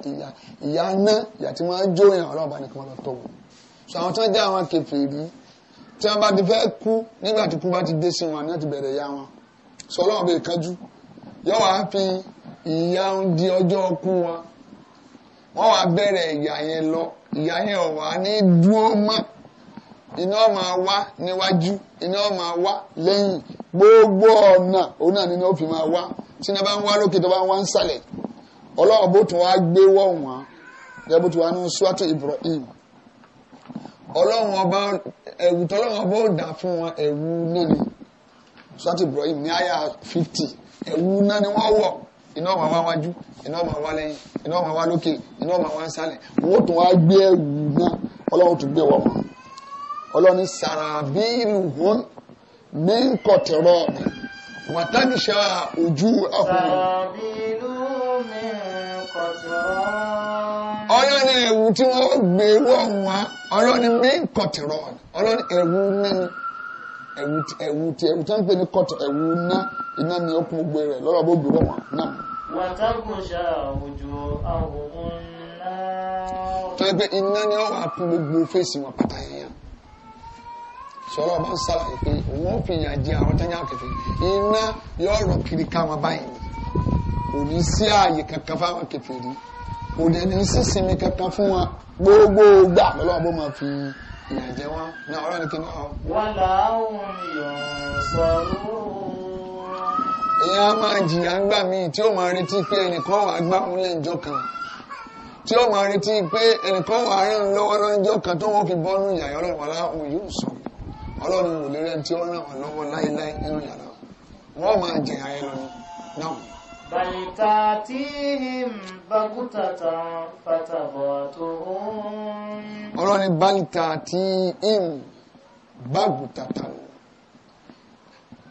ìyá ná ìyá tí wọ́n á jó yàn ọlọ́run bá nìkan lọ tọ́ wọn. sọ àwọn tí wọ́n jẹ́ àwọn kèfèrí tí wọ́n bá ti fẹ́ kú nígbà tí kú bá ti dé sí wọn náà ti bẹ̀rẹ̀ ya wọn. sọ ọlọ́run bẹ kánjú yọ wàá fi ìyá ń di ọjọ́ kú wọn. wọ́n wàá bẹ̀rẹ̀ ìyá yẹn lọ ìyá yẹn ò wá ní dúró mọ́ iná máa wá níwájú iná máa wá lẹ́yìn gbogbo ọ̀nà òun náà ni ó fi máa wá tí iná bá ń wá lókè tó bá ń wá ń sàlẹ̀ ọlọ́run bó tún wá gbé wọ̀ wọ́n gẹ́gẹ́ bó ti wá ní suwati Ibrahim ọlọ́run ọba ẹ̀wù tọ́lọ́run ọba ó dà fún wọn ẹ̀wù lónìí suwati Ibrahim ní àyà fifty ẹ̀wù náà ni wọ́n wọ̀ iná ọmọ wa wájú iná ọmọ wa lẹ́yìn iná ọmọ wa lókè iná ọmọ wa sálẹ̀ wọ́n tún wá gbé ẹ̀wù náà ọlọ́run tún gbé wọ̀ wọ́n ọlọ́run ní sàràbíìrì wọn ní nkọ̀tẹ̀rọ̀ wàtánìṣà ojú ọkùnrin. ọlọ́run na ẹ̀wù tí wọ́n gbé wọ̀ wá ọlọ́run ní kọ̀tìrọ̀ ọlọ́run ẹ̀wù náà ẹ̀wù tí ẹ̀wù tí ẹ̀wù tí wọ́n pè ní kọ̀tì ẹ̀wù ná iná ni ó gbé rẹ̀ lọ́rọ̀ bó gbé wọ̀ wá náà. wàtàkùn ṣàwùjọ àwòrán náà. tó yẹ iná fèsì kiri ká wọn kò ní sí ààyè kankan fáwọn kèfèrí kò dẹ̀ ní sísinmi kankan fún wa gbogbo gbà bó máa fi ìyà jẹ wọn ní ọ̀rọ̀ ní kíní ọ̀. wọn làwọn a sọ̀rọ̀. èèyàn máa jìyà ńgbà míì tí ó máa retí pé ẹnìkan wà gbà lẹ́njọ́ kan tí ó máa retí pé ẹnìkan wà á kan tó wọ́n fi bọ́nú ìyàyọ́ ọlọ́run wọn yóò بل تاتيهم بغتة فتبغتهم ọlọ́ni bal tààtìhìm bàgùtàtà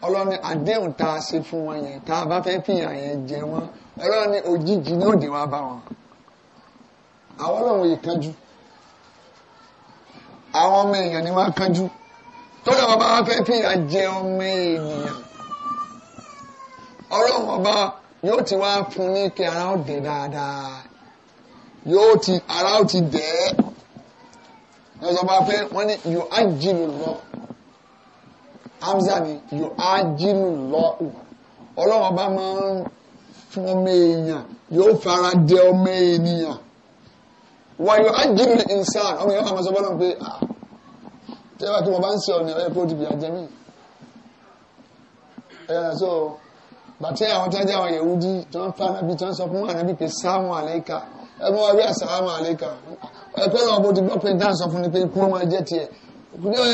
ọlọ́ni àdéhùn tá a ṣe fún wọn yẹn tá a bá fẹ́ fìyà yẹn jẹ wọn ọlọ́ni wa bá wọn àwọn ọlọ́run yìí kánjú àwọn ọmọ èèyàn ni wọ́n á kánjú tọ́lá wọn bá fẹ́ fìyà jẹ ọmọ ènìyàn ọlọ́run ọba yóò ti wá fún ní kí ara ó dé dáadáa yóò ti ara ó ti dẹ̀ ẹ́ wọ́n sọ fún wa pé wọ́n ní yóò á jìnnà lọ hamza ni yóò á jìnnà lọ ọlọ́wọ́n bá máa ń fún ọmọ èèyàn yóò fara dẹ ọmọ ènìyàn wọ́n yóò á jìnnà ìnsán ọmọ èèyàn àmọ́ sọ fún wa pé tẹ́wà ah, tí wọ́n bá ń ṣe ọ̀nà ẹ̀ fún òdìbí àjẹmí ẹ̀ ẹ̀ sọ bàtẹ́ àwọn tí wọ́n jẹ́ àwọn Yẹhudi tí wọ́n pa ànábì tí wọ́n sọ fún ànábì pé sáàmù àlẹ́kà ẹgbẹ́ wa bí àsàlámù àlẹ́kà ẹgbẹ́ náà bó ti gbọ́ pé dáhùn sọ fún ni pé ikú ló máa jẹ́ tiẹ̀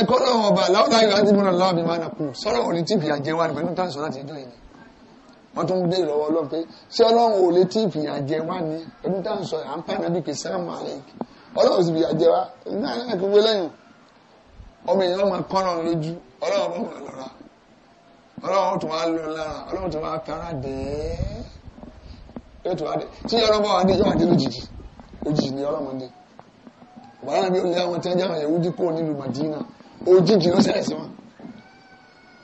ẹkọ́ náà wọ̀ bá láwùjọ yóò ti múná láwùjọ máa nà kú sọ́rọ̀ òní tí ìfìyà jẹ wá ní pẹ̀lú táwọn sọ́dọ̀ ti dùn yìí wọ́n tún dé lọ́wọ́ Ọlọ́run pé ṣé Ọlọ́run ò lè tí ìfìyà jẹ wá ní pẹ̀lú táwọn sọ́dọ̀ à ń pa ànábì pé sáàmù àlẹ́kà Ọlọ́run sì fìyà jẹ wá náà náà kúgbé lẹ́yìn ọmọ èèyàn máa kọ́ràn lójú Ọlọ́run bọ́ wọn lọ́ra ọlọ́run tó wá lọ lára ọlọ́run tó wá kára dé yóò tó wá dé tí ọlọ́run bá wà dé yóò wá dé lójijì òjijì ni ọlọ́run dé wàhálà ni ó lé àwọn tẹ́jà àwọn Yẹhudi kúrò nílùú Madina òjijì ló ṣẹlẹ̀ sí wọn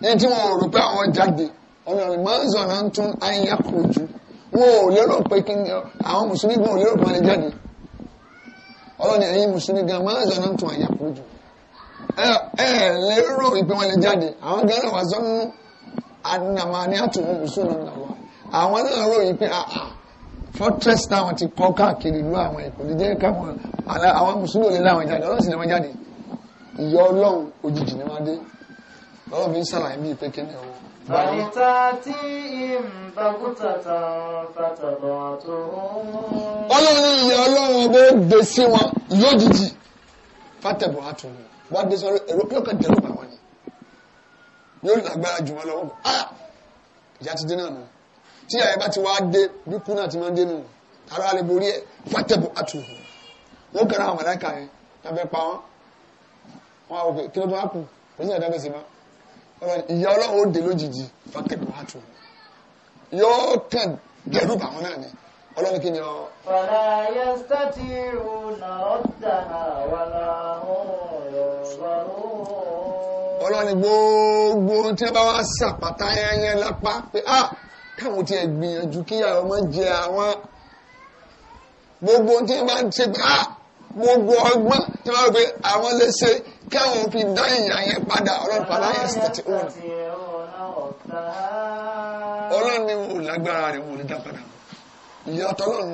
ní tí wọn rò pé àwọn jáde ọlọ́run mọ́nsọ̀ náà ń tún ayé kò jù wọn ò lérò pé kí ni àwọn mùsùlùmí gan ò lérò pé wọn lè jáde ọlọ́run ẹ̀yin mùsùlùmí gan mọ́nsọ̀ náà ń tún ayé kò jù ẹ ẹ lérò ìpè wọn lè jáde àwọn gan náà wà sọ́nù anamọ ni àtúntò ìṣúná nàwọ àwọn náà ròyìn pé àà ah, ah, fortress táwọn ti kọ́ káàkiri ìlú àwọn èkó ti jẹ́ káwọn àwọn mùsùlùmí lè láwọn jáde ọlọ́sìn ni wọ́n jáde ìyọ ọlọ́run òjijì ni wọ́n dé lọ́wọ́ mi ń sàlàyé bíi pé kíni o. bàtà tí ìbàkútà tàn fàtàbọ̀ tó. ọlọ́run ìyọ ọlọ́run ọgbẹ́ dé sí wọn ìyọ òjijì fàtàbọ̀ àtò wọn wá dé sọ èrò kí ọkàn dẹ̀rù bá yóò lágbára jù wọn lọ́wọ́ ah ìyá ti dé náà nù tí ìyá bá ti wá dé bí kú náà ti máa ń dé nù ara lè borí ẹ fàtẹ́bù àtùhù wọ́n kẹ́ra àwọn màláìka yẹn tàbí pa wọ́n wọ́n á wò pé kí ló tó wá kù kò sí ẹ̀dá ìyá ọlọ́run ó dé lójijì fàtẹ́bù àtùhù yóò kàn dẹ̀rù bàwọn náà ni ọlọ́run kí ni ọ. fàlà yẹ sátìrù náà ọ̀dà náà wà láwọn ọ̀rọ̀ ọlọ́run ni gbogbo tí wọ́n bá wá sàpàtà yẹn lápá pé a ah, káwọn ti ẹ̀ gbìyànjú kí ìyá ọmọ jẹ àwọn gbogbo tí wọ́n bá ń ṣe pé a ah, gbogbo ọgbọ́n tí wọ́n bá wọ́n pé àwọn lè ṣe káwọn fi dá ìyá yẹn padà ọlọ́run padà yẹn sì tẹ̀tí òun. ọlọ́run ni wọn ò lágbára rẹ̀ wọn ò lè dá padà ìyá ọ̀tọ́lọ́run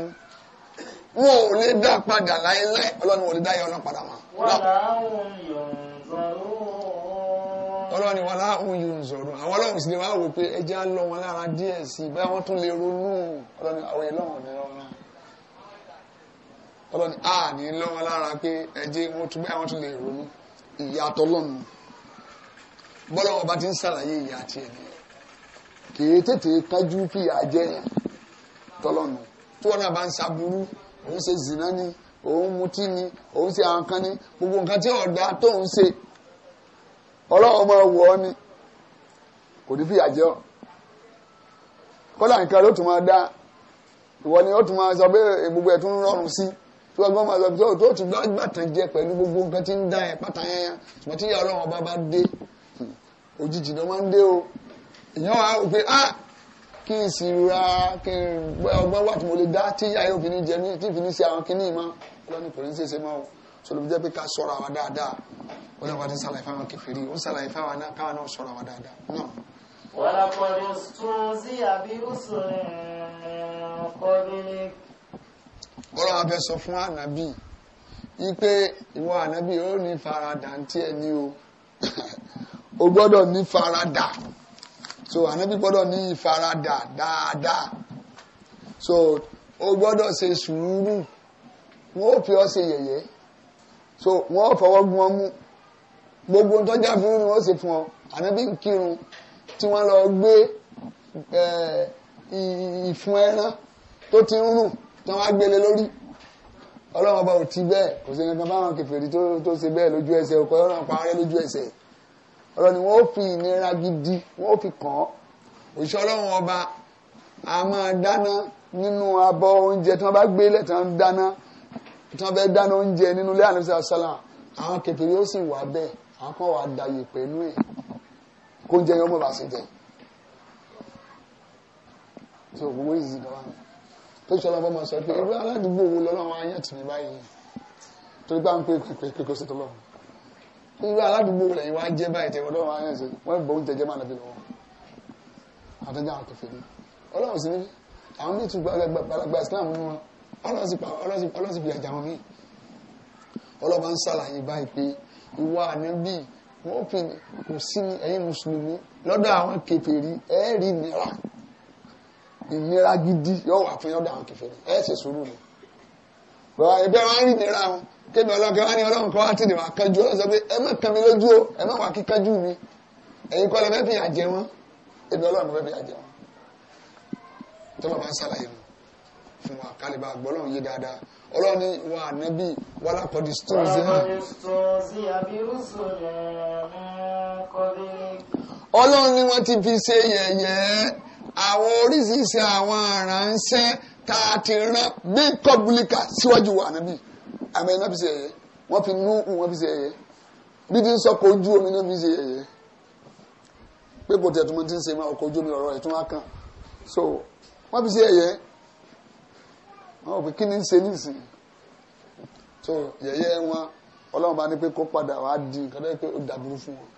wọn ò lè dá padà láéláé ọlọ́run ò lè dá ìyá ọlọ́run padà wọn. wọ́n bá ń yọ̀ ń ọlọ́run ni wọn láhùn yìí ń sọ̀rọ̀ àwọn ọlọ́run sì ni wọ́n á wò pé ẹjẹ́ á lọ wọn lára díẹ̀ sí i báyọ̀ wọ́n tún lè ronú ọlọ́run àwọn ẹlọ́run ni wọ́n rán ọlọ́run a ní lọ wọn lára pé ẹjẹ́ wọ́n tún báyọ̀ wọ́n tún lè ronú ìyàtọ̀ lọ́nu bọ́lá ọba ti ń ṣàlàyé ìyá tiẹ̀ ni kì í tètè kájú fìyà jẹ́ tọ́lọ́nu tí wọ́n náà bá ń ṣàbúrú òun ṣe zìnà ni òun mutí ni òun ṣe àǹkan ni gbogbo nǹkan tí ọ̀dà tóun ṣe ọlọ́run máa wò ọ́ ni kò ní fìyà jẹ ọ́ kọ́lá nǹkan ló tún máa dá ìwọ ni ó tún máa sọ pé gbogbo ẹ̀ tún rọrùn sí tí wọ́n gbọ́n máa sọ pé tó tún gbàtàn jẹ pẹ̀lú gbogbo nǹkan tí ń dá ẹ̀ pátá yẹn ṣùgbọ́n tí ìyá ọlọ́run ọba bá dé hmm, òjijì ló máa ń dé o èèyàn wà ó pé ah kí n sì ra kí n ọgbọ́n wà tí mo lè dá tí ìyá yóò fi ní jẹ mí tí ì fi ní ṣe àwọn kinní ìmọ̀ ọlọ́run kò ní ṣe é ṣe mọ́ o sọlọ bí jẹ́ pé ká sọ̀rọ̀ àwa dáadáa ó lè wá ní sàlàyé fáwọn kẹfìrí ó sàlàyé fáwọn náà káwọn náà sọ̀rọ̀ àwa dáadáa náà. wàlá kọ́ni tún sí àbí rúṣùlẹ̀ kọ́bílì. bọ́lá wa fẹ́ sọ fún ànábì yí pé ìwọ ànábì ó ní faradà ń tiẹ̀ ní o o gbọ́dọ̀ ní faradà so ànábì gbọ́dọ̀ ní ìfaradà dáadáa so o gbọ́dọ̀ ṣe sùúrù wọ́n ó fi ọ́ ṣe yẹ̀yẹ́ so wọ́n fọwọ́ gun ọmú gbogbo tó jẹ́ fún ni wọ́n sì fún ọ ànábì ń kírun tí wọ́n lọ gbé ìfun ẹran tó ti ń rùn tí wọ́n á gbélé lórí ọlọ́run ọba ò ti bẹ́ẹ̀ kò sí nǹkan báwọn kẹfìrí tó ṣe bẹ́ẹ̀ lójú ẹsẹ̀ òkú ọlọ́run pa arẹ́ lójú ẹsẹ̀ ọlọ́run ni wọ́n fi ìnira gidi wọ́n fi kàn án òṣìṣẹ́ ọlọ́run ọba a máa dáná nínú abọ́ oúnjẹ tí wọ́n bá gbé lẹ́tàn dáná tí wọ́n fẹ́ dáná oúnjẹ nínú ilé àná sàlá àwọn kẹfìrí ó sì wà bẹ́ẹ̀ àwọn kan wà dàyè pẹ̀lú ẹ̀ kó oúnjẹ yẹn ó mọ̀ bá sí jẹ tí òkú wọ́n yìí dọ́wọ́ mi tó ṣe ọlọ́pàá máa sọ pé irú aládùúgbò wo lọ́lọ́run ayé tì mí báyìí torí bá ń pè pé pé kó sí tó lọ́wọ́ irú aládùúgbò lẹ́yìn wá jẹ́ báyìí tẹ̀wọ́ lọ́wọ́ ayé tì wọ́n bọ̀ oúnjẹ jẹ́ máa nàbí lọ́wọ́ àtẹ́jà àwọn kẹfìrí àwọn bí ọlọ́sìn fi àjà wọn mí ọlọ́ba ń ṣàlàyé báyìí pé ìwà ànábì wọ́n fi kò sí ẹ̀yin mùsùlùmí lọ́dọ̀ àwọn kèfèrí ẹ̀ rí ìnira ìnira gidi yóò wà fún lọ́dọ̀ àwọn kèfèrí ẹ̀ ṣe sùúrù ni ẹgbẹ́ wọn rí ìnira wọn kébì ọlọ́kẹ́ wọn ni ọlọ́run kan wá tì ní wàá kánjú ọlọ́sọ pé ẹ má kàn mí lójú o ẹ má wà kí kánjú mi ẹ̀yin kọ́ lọ fẹ́ fi àjẹ wọn ẹbí ọlọ́run fẹ́ fi àjẹ wọn tó bàbá ń ṣàlàyé wọn. fún wa kálíbà gbọ́lọ́ yé dáadáa ọlọ́ni wa ànábì wà lápọ̀dì stóòzì náà. ọlọ́run ni wọ́n ti fi ṣe yẹ̀yẹ́ àwọn oríṣiríṣi àwọn aránṣẹ́ tá ti rán bí kọ́bùlíkà síwájú wa àmì fi ṣe yẹ̀yẹ́ wọ́n fi fi ṣe yẹ̀yẹ́ bí ti ń sọ ojú omi náà fi ṣe yẹ̀yẹ́ pé ti ń ṣe ojú omi ọ̀rọ̀ ẹ̀ wá kàn so wọ́n fi ṣe yẹ̀yẹ́ wọn ò fi kí ni ń ṣe nísìnyí so yẹ̀yẹ́ wọn ọlọ́run bá ní pé kó padà wá di nǹkan tó yẹ pé ó dàbúrú fún wọn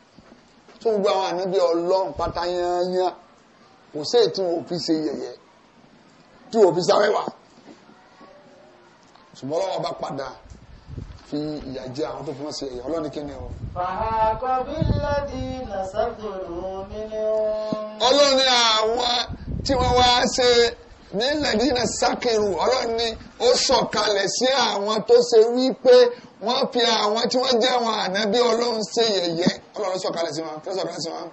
tó gbogbo àwọn ànábì ọlọ́run pátá yányá kò sí ètò òfin ṣe yẹ̀yẹ́ tí òfin sáwẹ́wà ṣùgbọ́n ọlọ́run bá padà fi ìyà jẹ àwọn tó fi wọ́n ṣe ẹ̀yà ọlọ́ni kí ni o. ọlọ́ni àwọn tí wọ́n wá ṣe nílẹ̀dínà sákìrù ọlọ́run ni ó sọ̀kalẹ̀ sí àwọn tó ṣe wí pé wọ́n fi àwọn tí wọ́n jẹ́ àwọn ànábí ọlọ́run ṣe yẹ̀yẹ́ ọlọ́run sọ̀kalẹ̀ sí wọn fẹ́ sọ̀rọ̀ sí wọn.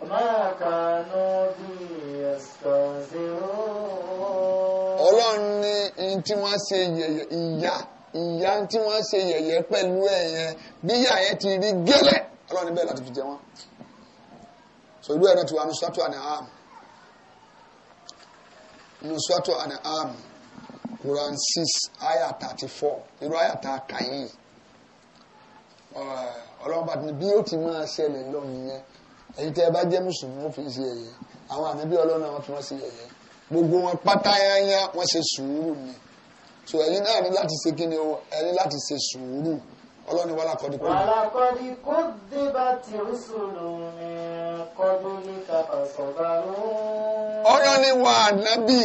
ọlọ́run ni ihun tí wọ́n ṣe yẹ̀yẹ́ ìyá ìyá tí wọ́n ṣe yẹ̀yẹ́ pẹ̀lú bí ìyá yẹn ti rí gẹ́lẹ́ ọlọ́run bẹ́ẹ̀ láti fi jẹ wọn. sọ ti wà nuswato anam Quran six ayah thirty four irú ayah tá a kà yìí ọlọ́run bá ti ní bí ó ti máa ṣẹlẹ̀ lọ́run yẹn èyí tẹ́ ẹ bá jẹ́ mùsùlùmí ó fi ṣe ẹ̀yẹ àwọn àmì bí ọlọ́run náà fi wọ́n ṣe ẹ̀yẹ gbogbo wọn pátáyáyá wọ́n ṣe sùúrù ni so ẹ̀yin náà ní láti ṣe kí ni o ẹ̀yin láti ṣe sùúrù ọlọ́ni wàhálà kọ́dí kó. wàhálà kọ́dí kó débà tí ó sòrò ní kọ́dún ní kàfàṣọ̀bárò. ọlọ́ni wà nábì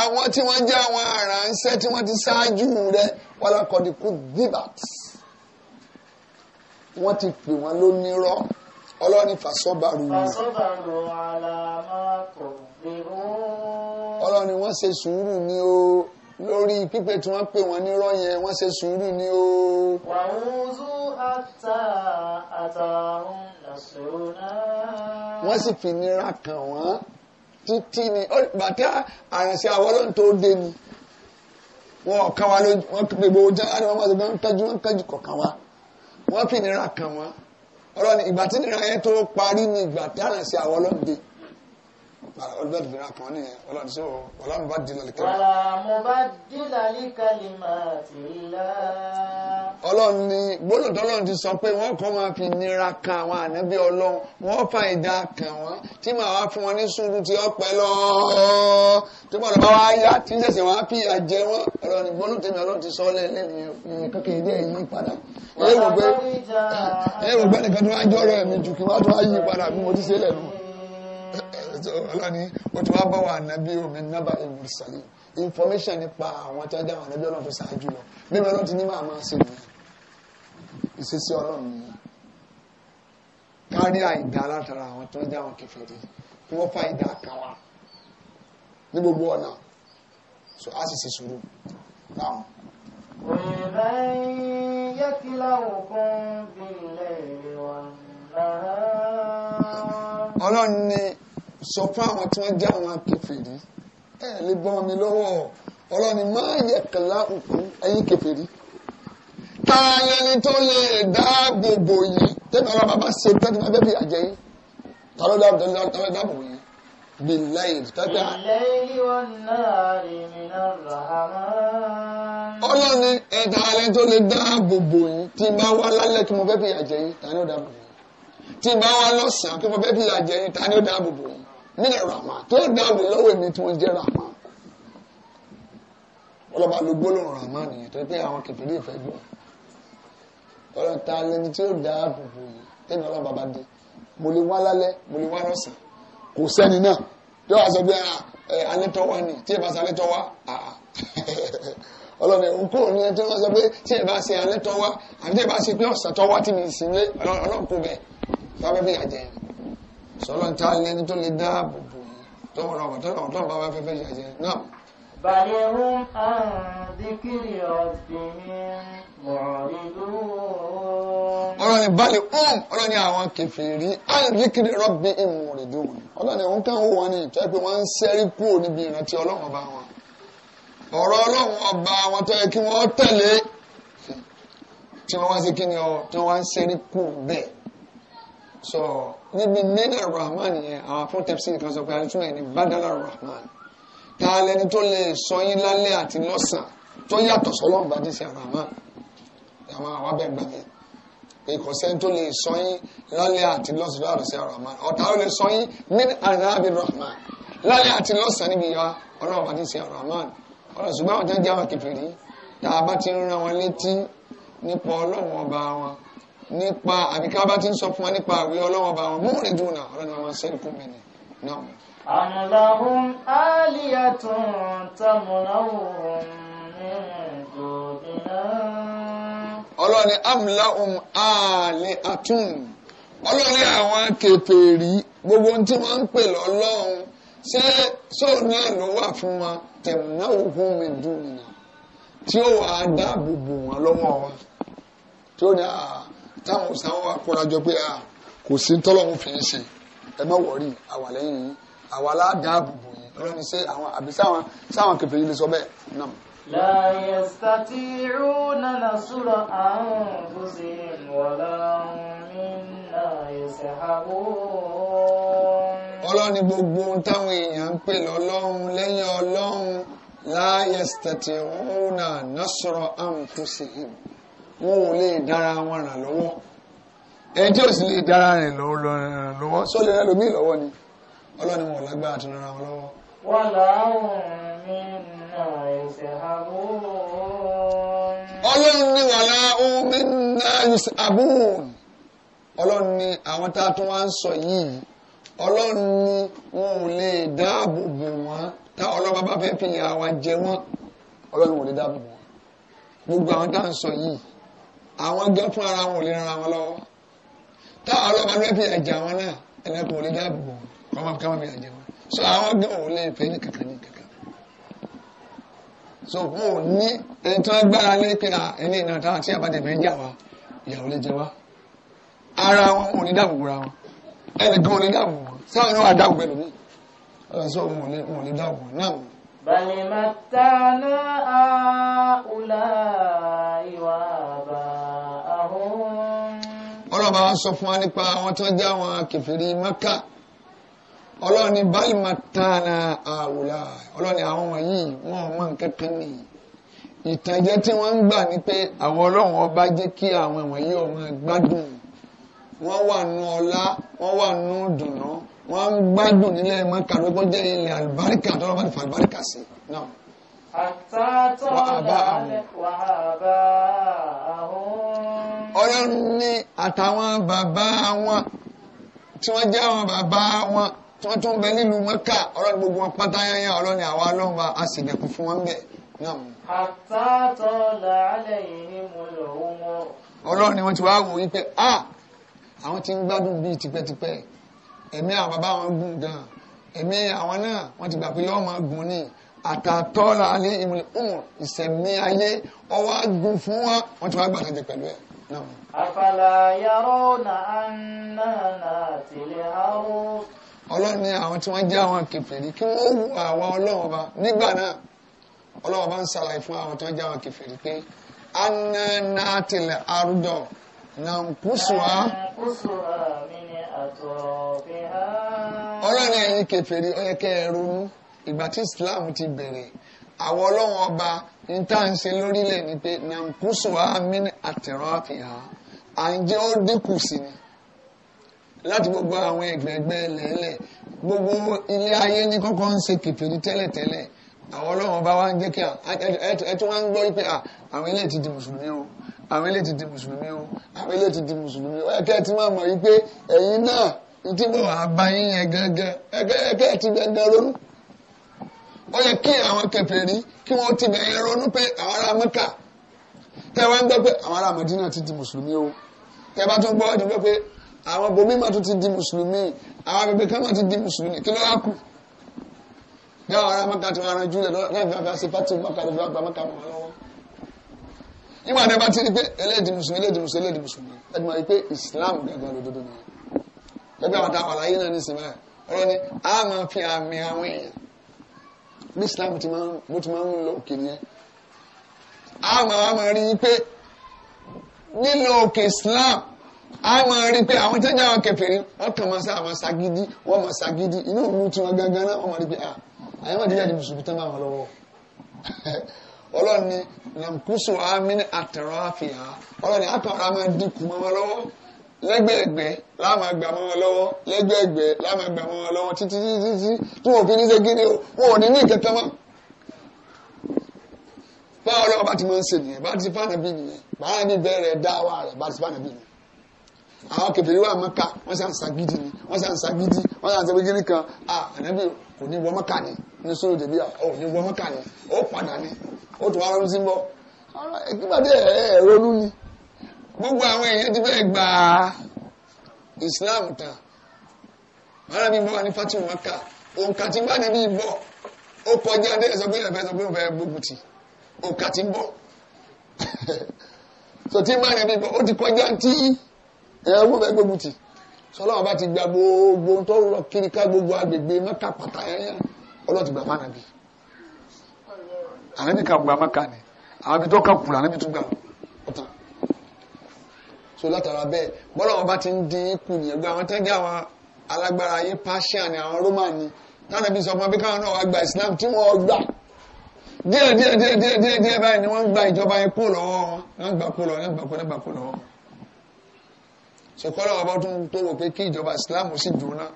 àwọn tí wọ́n jẹ́ àwọn aránṣẹ́ tí wọ́n ti ṣáájú rẹ̀ wàhálà kọ́dí kó débà tí wọ́n ti pè wọ́n lónírọ́ ọlọ́ni fàṣọ́bàrù. fàṣọ́bàrù àlàmà kò gbèrú. ọlọ́ni wọ́n ṣe sùúrù ni ó lórí pípé tí wọ́n pè wọ́n nírọ́ yẹn wọ́n ṣe sùúrù ni ó. wàhùnzú àtà àtàhùn làṣọ̀nà. wọ́n sì fi nira kàn wọ́n títí ni bàtà àrànṣe àwọlọ́n tó dé ni wọ́n kàn wá lójú wọ́n gbogbo jáde wọ́n máa ń kájú wọ́n kájú kọ̀ọ̀kan wá wọ́n fi nira kàn wọ́n ọlọ́ni ìgbà tí nira yẹn tó parí ni ìgbà tí àrànṣe àwọlọ́n dé ni ọlọ́dún bẹ́ẹ̀ bìnrin àpọ̀ nìyẹn ọlọ́dún sọ wàlá mo bá di lálẹ́ kẹlẹ́. wàlá mo bá di lálẹ́ kẹlẹ́ máa ti lá. ọlọ́run ni gbọ́dọ̀ tọ́lọ́run ti sọ pé wọ́n kọ́ máa fi nira kan àwọn ànábì ọlọ́run wọ́n fa ìdá kan wọ́n tí màá wá fún wọn ní sùúrù tí ó pẹ́ lọ tí gbọ́dọ̀ bá wá yá tí sẹ̀sẹ̀ wọ́n á fi àjẹ wọn ọlọ́run gbọ́dọ̀ tẹ̀mí ọlọ́run ti sọ lẹ́ẹ̀lẹ́ ọlọ́ni ó ti wá bá wa ànábí omi nábà ìmùsàlì information nípa àwọn tó dáwọn ànábí ọlọ́run tó ṣáájú lọ bíbí ọlọ́run ti ní máa máa ṣe nìyẹn ìṣesí ọlọ́run nìyẹn kárí àìdá látara àwọn tó dáwọn kèfèrí kí wọ́n fa ìdá káwa ní gbogbo ọ̀nà so a sì ṣe sùúrù náà. òyìnbá yẹ kí láwùkún bí ilé ìwà náà. ọlọ́run ní sọ fún àwọn tí wọ́n já àwọn akẹfẹ̀rí ẹ lè bọ́ mi lọ́wọ́ ọlọ́ni máa yẹ kẹlá òkú ẹ̀yìn kẹfẹ̀rí ta lẹni tó lè dáàbò yìí tẹ́lẹ̀ ọ̀rọ̀ bàbá ṣe tẹ́lẹ̀ máa bẹ́ẹ̀ bí àjẹ́ yìí ta ló dáàbò bò yìí bìláyè tẹ́tẹ́ à. ọlọ́ni ẹ̀ta alẹ́ tó lè dáàbò yìí tí bá wá lálẹ́ kí mo fẹ́ fi àjẹ́ yìí ta ni dáàbò yìí tí bá wá lọ́sàn-án kí mo fẹ́ fi àjẹ́ yìí ta ni dáàbò yìí nílẹ̀ rahman tó lè dáàbò lọ́wọ́ èmi tí wọ́n jẹ́ rahman ọlọ́ba ló gbólóhùn rahman nìyẹn tó pé àwọn kẹfìrí ìfẹ́ gbọ́ ọlọ́ta lẹni tí ó dáàbò bò yìí tẹ́lẹ̀ ọlọ́ba bá dé mo lè wá lálẹ́ mo lè wá lọ́sàn kò sẹ́ni náà tó wàá sọ pé ah, alẹ́tọ́ wa ni tí ẹ bá sọ alẹ́tọ́ wa ọlọ́run ẹ̀hún kúrò ní ẹjọ́ wọn sọ pé tí ẹ bá ṣe alẹ́tọ́ wa àbí tí ẹ bá ṣe pé ọ̀sán tọ́ wa tí mi sì ń lé ọlọ́run kú bẹ́ẹ̀ fábẹ́ bí àjẹyìn sọ́lọ́ ń ta lẹ́ni tó lè dáàbò bò tọ́wọ́rọ̀ ọ̀tọ́ ọ̀tọ́ bá wá fẹ́fẹ́ jẹjẹ náà. bàlẹ̀ hum àdìkìrì ọ̀dìmín mọ̀rìndún. ọ̀rọ̀ ni bàlẹ̀ hum ọ̀rọ̀ ni àwọn kẹfìrí àdìkìrì rọ́bì ìmọ̀rìndún. ọ̀rọ̀ ni òun káwọn wọn ni tó yẹ pé wọ́n ń sẹ́rí kú níbi ìrántí ọlọ́run ọba wọn. ọ̀rọ̀ ọlọ́run ọba wọn tó yẹ kí wọ́n tẹ̀lé tí wọ́n wá sí kí ni ọ tí wọ́n wá ń sẹ́rí kú bẹ́ẹ̀ sọ níbi mẹ́rin rahman yẹn àwọn fún tafsir kan sọ pé àdìtúmọ̀ yẹn ni badala rahman ta lẹni tó lè sọ yín lálẹ́ àti lọ́sàn tó yàtọ̀ sọlọ́n bá dísẹ́ rahman àwọn àwọn abẹ́ gbà yẹn pé kò sẹ́ni tó lè sọ yín lálẹ́ àti lọ́sàn tó yàtọ̀ sí rahman ọ̀tá ló lè sọ yín min arabi rahman lálẹ́ àti lọ́sàn níbi ya ọlọ́run bá dísẹ́ rahman ọ̀rọ̀ ṣùgbọ́n àwọn tó jẹ́ àwọn kẹfìrí tá bá ti rán wọn létí nípa ọlọ́run ọba wọn nípa àbíká bá ti ń sọ fún wa nípa àwẹ̀ ọlọ́wọ́ bá wọn múrin dùn náà ọlọ́ni wọn máa ń sẹ́yìn fún mi ni náà. àmàlàhùn àlìyàtún tàmùnáhùn ọlọ́ni amlahum àlìyàtún ọlọ́ni àwọn kèfèrí gbogbo ohun tí wọ́n ń pè lọ́lọ́run ṣé sóò náà ló wà fún wa tẹ̀mùnáhùn mi dùn náà tí ó wàá dáàbò bò wọ́n lọ́wọ́ wa tí ó ní àá táwọn òsàn wa kórajọ pé a ah, kò sí tọ́lọ́hún fi ń ṣe ẹ má wọ̀rí àwa lẹ́yìn yìí àwa aládàábòbò yìí ọlọ́run ṣe àwọn àbí sáwọn sáwọn kẹfẹ́ yìí lè sọ bẹ́ẹ̀ náà. لا يستطيعون نصر أنفسهم ولا هم منا يصحبون ọlọ́ni gbogbo táwọn èèyàn ń pè lọ́lọ́run lẹ́yìn ọlọ́run لا يستطيعون نصر أنفسهم wọn ò lè dára wọn ràn lọ́wọ́ ẹni tí ò sì lè dára rẹ̀ lọ́wọ́ sólè rẹ̀ lómi lọ́wọ́ ni ọlọ́ni wọn ò lágbára tó ràn wọn lọ́wọ́. wọ́n láwọn mi nà ẹ̀sẹ̀ àbúrò. ọlọ́run ní wàhálà ohun mi nà ẹ̀sẹ̀ àbúrò ọlọ́run ní àwọn tá a tún wá ń sọ yìí ọlọ́run ní wọn ò lè dáàbò bò wọ́n tá ọlọ́ba bá fẹ́ fi ìyá wa jẹ wọ́n ọlọ́run ò lè dáàbò bò wọ́n gbogbo àwọn tá à ń sọ yìí àwọn gán fún ara wọn ò lè ran ara wọn lọ́wọ́ táwọn ọlọ́pàá ló fi ẹ̀jẹ̀ àwọn náà ẹlẹ́kùn ò lè dáàbò wọn ọmọ kí wọ́n fi ẹ̀jẹ̀ wọn so àwọn gán ò lè fẹ́ ní kankan ní kankan so wọn ò ní ẹni tí wọ́n gbára lé pé ẹni ìnà táwọn tí àbájá fẹ́ jà wá ìyàwó lè jẹ wá ara wọn ò ní dáàbò bora wọn ẹnì kan ò ní dáàbò wọn sáwọn ni wọn á dáàbò pẹ̀lú mi ọ̀rọ̀ sọ wọn ò ní dáàbò ọlọ́run bá wá sọ fún wa nípa àwọn tó jẹ́ àwọn kèfèrí Mẹ́kà ọlọ́run ní báyìí máa tán na ọlọ́run ní àwọn wọ̀nyí wọn ò mọ nǹkan kan ní ìtànjẹ tí wọ́n ń gbà ni pé àwọn ọlọ́run ọba jẹ́ kí àwọn wọ̀nyí ó gbádùn wọ́n wà nù ọlá wọ́n wà nù dùnú wọ́n ń gbádùn nílẹ̀ Mẹ́kà ló kọjá ilẹ̀ àlùbáríkà tó lọ́ba ti fa àlùbáríkà sí náà. àtàtọ̀ làálẹ̀ wàhábà àhún ọlọ́run ní àtàwọn bàbá wọn tí wọ́n jẹ́ àwọn bàbá wọn tí wọ́n tún bẹ nílùú mọ́kà ọlọ́run gbogbo wọn pátá yányá ọlọ́run ní àwa ọlọ́run bá a sì dẹ̀kun fún wọn bẹ́ẹ̀ náà. àtàtọ̀ làálẹ̀ yìí ni mo lọ wọn. ọlọ́run ni wọ́n ti wá wò wípé a àwọn ti ń gbádùn bíi tipẹ́tipẹ́ ẹ̀mí àwọn bàbá wọn gùn gan-an ẹ̀mí àwọn náà wọ́n ti gbà pé yọ́ọ́ máa gùn ni àtàtọ́ làálẹ̀ ìmùlẹ̀ ìsẹ̀mí ayé ọwọ́ á fún wọn wọ́n ti wá gbàdúrà pẹ̀lú ẹ̀. afala yarawna anna na al-ardh. ọlọ́run na àwọn tí wọ́n jẹ́ àwọn kí wọ́n wu àwa ọlọ́run ọba nígbà náà ọlọ́run ọba ń ṣàlàyé fún àwọn tí wọ́n jẹ́ àwọn pé anna nati al ọlọ́run ẹ̀yin Islam ti bẹ̀rẹ̀ àwọn ọlọ́run ọba ń tà ń ṣe lórílẹ̀ ni pé nankusu amin àtẹ̀rọ àfihàn à ń jẹ́ ó dínkù sí ni láti gbogbo àwọn ẹgbẹ̀gbẹ́ lẹ́lẹ̀ gbogbo ilé ayé ní kọ́kọ́ ń ṣe kìfìrí tẹ́lẹ̀tẹ́lẹ̀ àwọn ọlọ́run ọba wa ń jẹ́ kí ẹtún wá ń gbọ́ pé àwọn ilé ti di mùsùlùmí o àwọn ilé ti di mùsùlùmí o àwọn ilé ti di mùsùlùmí o ẹ̀kẹ́ ti máa mọ̀ yí pé ẹ̀yin náà ti bọ̀ wá yẹn gángan ẹ̀kẹ́ ti gángan ronú ó yẹ kí àwọn kèfèrí kí wọ́n ti bẹ̀rẹ̀ ronú pé àwọn ará Mẹ́kà tẹ́ wá ń gbọ́ pé àwọn ará Mẹ́dínà ti di mùsùlùmí o tẹ́ bá tún gbọ́ ọ́ ti gbọ́ pé àwọn bomi ma tún ti di mùsùlùmí àwọn abẹ̀bẹ̀ kan ma ti di mùsùlùmí kí ló wá kù bí àwọn ará Mẹ́kà ti wọn aranjú rẹ̀ lọ́wọ́ láti fàtí Mẹ́kà ló fi wá gba Mẹ́kà mọ́ lọ́wọ́ nígbà tí a bá ti rí pé ẹlẹ́dì mùsùlùmí ẹlẹ́dì mùsùlùmí ẹlẹ́dì mùsùlùmí ẹ̀dùn máa rí pé Islam gàgà lódodo nìyẹn ẹgbẹ́ àwọn táwọn àlàyé náà ní sinmi ọ̀rọ̀ ni a máa fi àmì àwọn èèyàn bí Islam ti máa ń bó ti máa ń lọ òkè nìyẹn a máa máa rí i pé nílò òkè Islam a máa rí i pé àwọn jẹ́jẹ́ àwọn kèfèrí wọ́n kàn máa sá àwọn sagidi wọ́n máa sagidi inú òun tí wọ́n gangan náà wọ́n máa rí i pé àyè ah, máa díjà mùsùlùmí tán bá wọn lọ́wọ́ ọlọ́ni nàmkúsù àmì àtẹ̀rọ̀ àfihàn ọlọ́ni àtọ̀rọ̀ àmì dínkù mọ́ wọn lọ́wọ́ lẹ́gbẹ̀ẹ́gbẹ́ láwọn àgbà mọ́ wọn lọ́wọ́ lẹ́gbẹ̀ẹ́gbẹ́ láwọn àgbà mọ́ wọn lọ́wọ́ títí títí tí wọn ò fi ní ṣe gíní o wọn ò ní ní ìkẹta mọ́. báwo lọ́wọ́ bá ti máa ń ṣe nìyẹn bá ti fànà bí nìyẹn báwa ní bẹ̀rẹ̀ dáwà rẹ̀ bá ti fànà bí nìyẹn. àwọn kẹfìrí wà mọ́ka wọ́n sàn sá gidi ni wọ́n sàn sá gidi wọ́n sàn sá gidi kan ànábì kò ní wọ ni ní gbogbo àwọn èèyàn ti fẹ́ gba Islam tán bára mi bọ́ ní fati maka òǹkà tí bá níbi ìbọ̀ ó kọjá dé ẹ̀sọ́ pé ìrẹ̀fẹ́ sọ pé òun fẹ́ ti òǹkà tí bọ́ so tí bá níbi ìbọ̀ ó ti kọjá tí ẹ̀rọ fẹ́ gbógun ti sọlọ́wọ́ bá ti gba gbogbo tó rọ kiri ká gbogbo agbègbè mẹ́ka pàtà yẹn ọlọ́ọ̀tì gbà má nàbí ànábì kan gba mẹ́ka ni àwọn ibi tó kà kùn ànábì tó gbà ọ̀tàn so látara bẹ́ẹ̀ bọ́lá wọn bá ti ń dín kù nìyẹn gbọ́ àwọn tẹ́gẹ́ àwọn alágbára ayé Persia ni àwọn Roman ni táwọn ẹbí sọ fún abẹ́ká náà wàá gba Islam tí wọ́n gbà díẹ̀ díẹ̀ díẹ̀ díẹ̀ díẹ̀ díẹ̀ báyìí ni wọ́n gba ìjọba yẹn kó lọ́wọ́ wọn wọ́n gbà kó lọ́wọ́ wọ́n gbà kó lọ́wọ́ kó lọ́wọ́ so kọ́ lọ́wọ́ bá tún tó wò pé kí ìjọba Islam sì dùn náà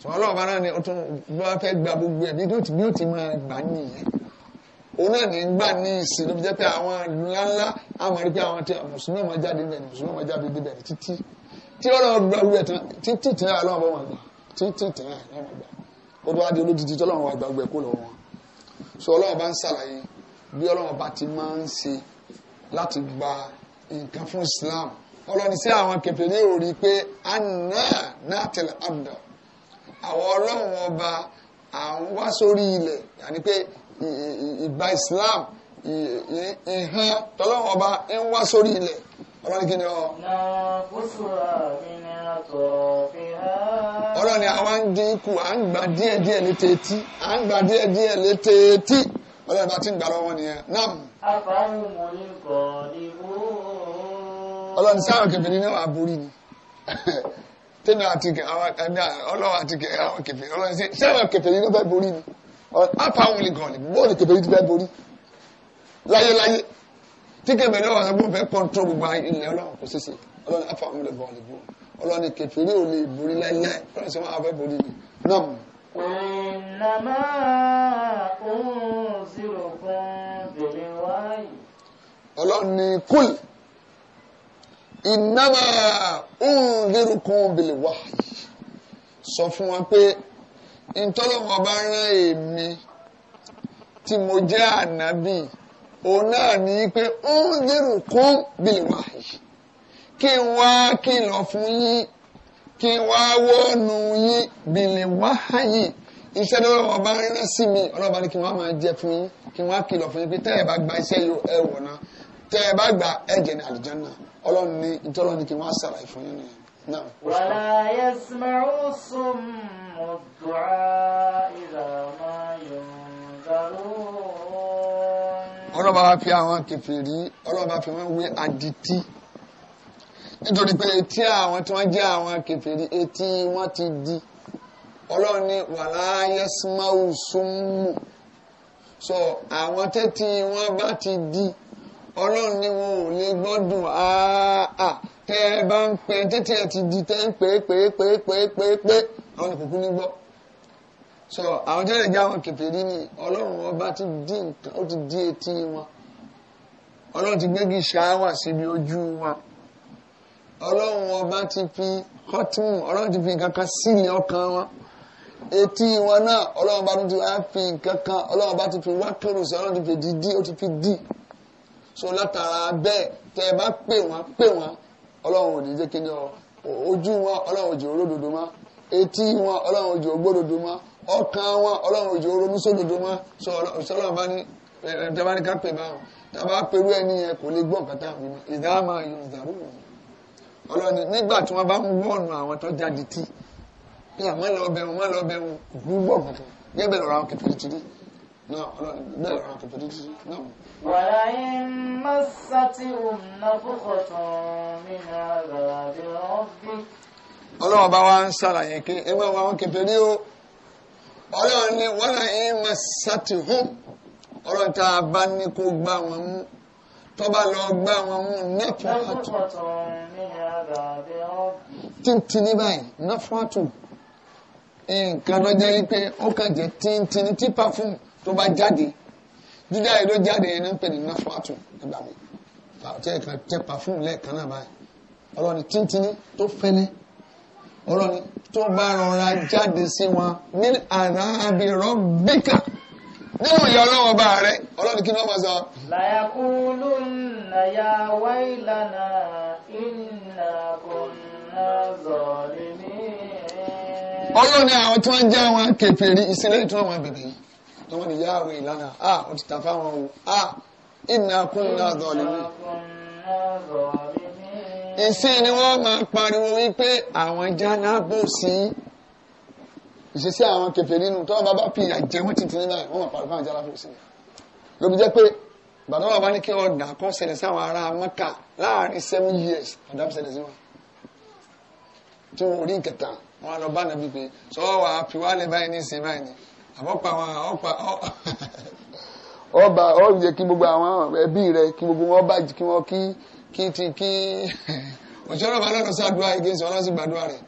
so ọlọ́wọ́ bá náà ni ó tún bí wọ́n fẹ́ gba gbogbo ẹ̀ bí ó ti máa gbà nìyẹn òun náà ní gbà ní ìsìn ló fi jẹ́ pé àwọn ńláńlá àwọn àríkí àwọn tí mùsùlùmí ọmọ jáde bẹ̀rẹ̀ mùsùlùmí ọmọ jáde bẹ̀rẹ̀ títí tí ọlọ́run gba wíwẹ̀ tán títí tẹ̀ ẹ́ àlọ́ ọ̀bọ̀n gbà títí tẹ̀ ẹ́ àlọ́ ọ̀bọ̀n gbà ó tó wá di olódìdí tí ọlọ́run wà gbàgbẹ́ lọ́wọ́ wọn. so ọlọ́run bá ń ṣàlàyé bí ọlọ́run bá ti máa ń ṣe láti gba nǹkan fún Islam ọlọ́run sí àwọn kẹfẹ́lẹ́ ò rí pé anna natal abdul àwọn ọlọ́run ọba àwọn wá sórí ilẹ̀ yàní pé ìgbà Islam ìhàn tọ́lọ́wọ́n ọba ń wá sórí ilẹ̀ ọba ní kíni ọ. ọ̀rọ̀ ni àwa ń dín kù à ń gbà díẹ̀díẹ̀ ní tètí à ń gbà díẹ̀díẹ̀ ní tètí ọlọ́run bá ti ń gbà lọ́wọ́ nìyẹn náà. afáwọn mò ń kọ ìbò. ọlọ́run sáwọn ni tẹ́lẹ̀ àti ọlọ́run àti kẹfìrí ọlọ́run sáwọn kẹfìrí náà fẹ́ borí ni pápá òun lè gàn ni bọ́ọ̀lù kẹfẹ́ yìí ti fẹ́ borí láyéláyé tí kẹfẹ́ náà wà lọ́wọ́ fẹ́ kọ́ńtró gbogbo ilẹ̀ ọlọ́run kò ṣeéṣe ọlọ́run pápá òun lè ni bọ́ọ̀lù ọlọ́run kẹfẹ́ rí ò lè borí láyéláyé ọlọ́run sọ wọn fẹ́ borí náà. ìnàmá òun zero fún bèrè wáyé. ọlọ́run ní kúl ìnàmá òun zero fún bèrè wáyé sọ fún wọn pé. ntọ́lọ́wọ́ bá rán èmi tí mo jẹ́ ànábì òun náà ní pé ń dérò kún bìlìwà yìí kí n wá kìlọ̀ fún yín kí n wá wọ́ọ̀nù yín bìlìwà yìí iṣẹ́ lọ́wọ́ bá rán sí mi ọlọ́ba ní kí n wá máa jẹ fún yín kí n wá pé tẹ́ gba iṣẹ́ yóò ẹ wọ̀ náà ولا يسمع الصم الدعاء إذا ما ينذرون ọlọ́ba wa fi àwọn kẹfìrí ọlọ́ba fi wọ́n wé adití nítorí pé etí àwọn tí wọ́n jẹ́ àwọn kẹfìrí etí wọ́n ti di ọlọ́run ní wàlá yasmau so àwọn tẹ́tí wọ́n bá ti di. So, ọlọ́run ni wọn ò lè gbọ́dùn áá tẹ́ ẹ bá ń pe títí ẹ ti di tẹ́ ń pè é pè é pè é pè é pè é pè é àwọn òkùnkùn ní gbọ́. sọ àwọn tẹ́lẹ̀ jẹ́ àwọn kèfèrí ni ọlọ́run ọba ti di nǹkan ó ti di etí wọn ọlọ́run ti gbégi ṣááwà síbi ojú wọn ọlọ́run ọba ti fi kọ́tùmù ọlọ́run ti fi kankan sílẹ̀ ọkàn wọn etí wọn náà ọlọ́run bá ti fi nǹkan ọlọ́run bá ti fi wákẹ́rù sí ọlọ́run ti fi dídí ó ti fi dí. so látara bẹ́ẹ̀ tẹ́ ẹ bá pè wọ́n pè wọ́n ọlọ́run ò jẹ́ kíni ọ ojú wọn ọlọ́run ò jẹ́ olódodo mọ́ etí wọn ọlọ́run ò mọ́ ọkàn wọn ọlọ́run ò jẹ́ mọ́ so ọlọ́run bá ní tẹ́ bá ní ká pè ẹni yẹn bá ń wọ́ọ̀nù àwọn tó jáde tí ولئن مستهم نفخة من عذاب ربك ọlọ́run bá wá ń ṣàlàyé kí ẹgbẹ́ wa wọn kẹfẹ́ rí o ọlọ́run ní wọ́n náà ń máa ṣàtìhún ọlọ́run tá a bá ní kó gbá wọn mú tó bá lọ gbá wọn mú nẹ́fọ́tù títí ní báyìí nẹ́fọ́tù nǹkan lọ́jọ́ yìí pé ó kàn jẹ́ títí tí pàfún tó bá jáde jíjáde ló jáde yẹn náà ń pè ní nafatu nígbà mi tí ẹ kàn tẹ pàfún lẹ́ẹ̀kan náà báyìí ọ̀rọ̀ ni tíntínní tó fẹ́lẹ́ ọ̀rọ̀ ni tó bá rọra jáde sí wọn ní àrà abirọ̀ nínú ìyá ọlọ́wọ́ bá rẹ ọlọ́ni kí ni wọ́n máa sọ. làyàkúlù nàyà wáìlànà ìnà kùnà zọ̀lì ní. ọlọ́ni àwọn tí wọ́n jẹ́ àwọn kèfèrí ìsílẹ̀ tí wọ́n wà bèbè yìí ni wọ́n ti yá àwọn ìlànà a ah, wọ́n ti tàn fáwọn o a ìnà kún náà zọlẹ̀ mú. ni wọ́n máa pariwo wípé àwọn jáná bò sí ìṣesí àwọn kẹfẹ nínú tó wọn bá bá fi àjẹ wọn títí nínú ẹ wọn máa pariwo fáwọn jáná bò sí. lóbi jẹ́ pé bàtà wà bá ní kí ọ̀dà kọ́ ṣẹlẹ̀ sáwọn ará mọ́kà láàrin seven years ọ̀dà ṣẹlẹ̀ sí wọn tí wọn ò rí nkẹta wọn lọ bá nàbí pé sọ wàá fi wá lẹ báyìí ní ìsìn báyìí àwọn pa àwọn ọpa ọba ó jẹ kí gbogbo àwọn ẹbí rẹ kí gbogbo wọn bá kí wọn kí kí ti kí òṣèré ọba lọ́dọ̀ sàdúrà igi sọ lọ́sí gbàdúrà rẹ̀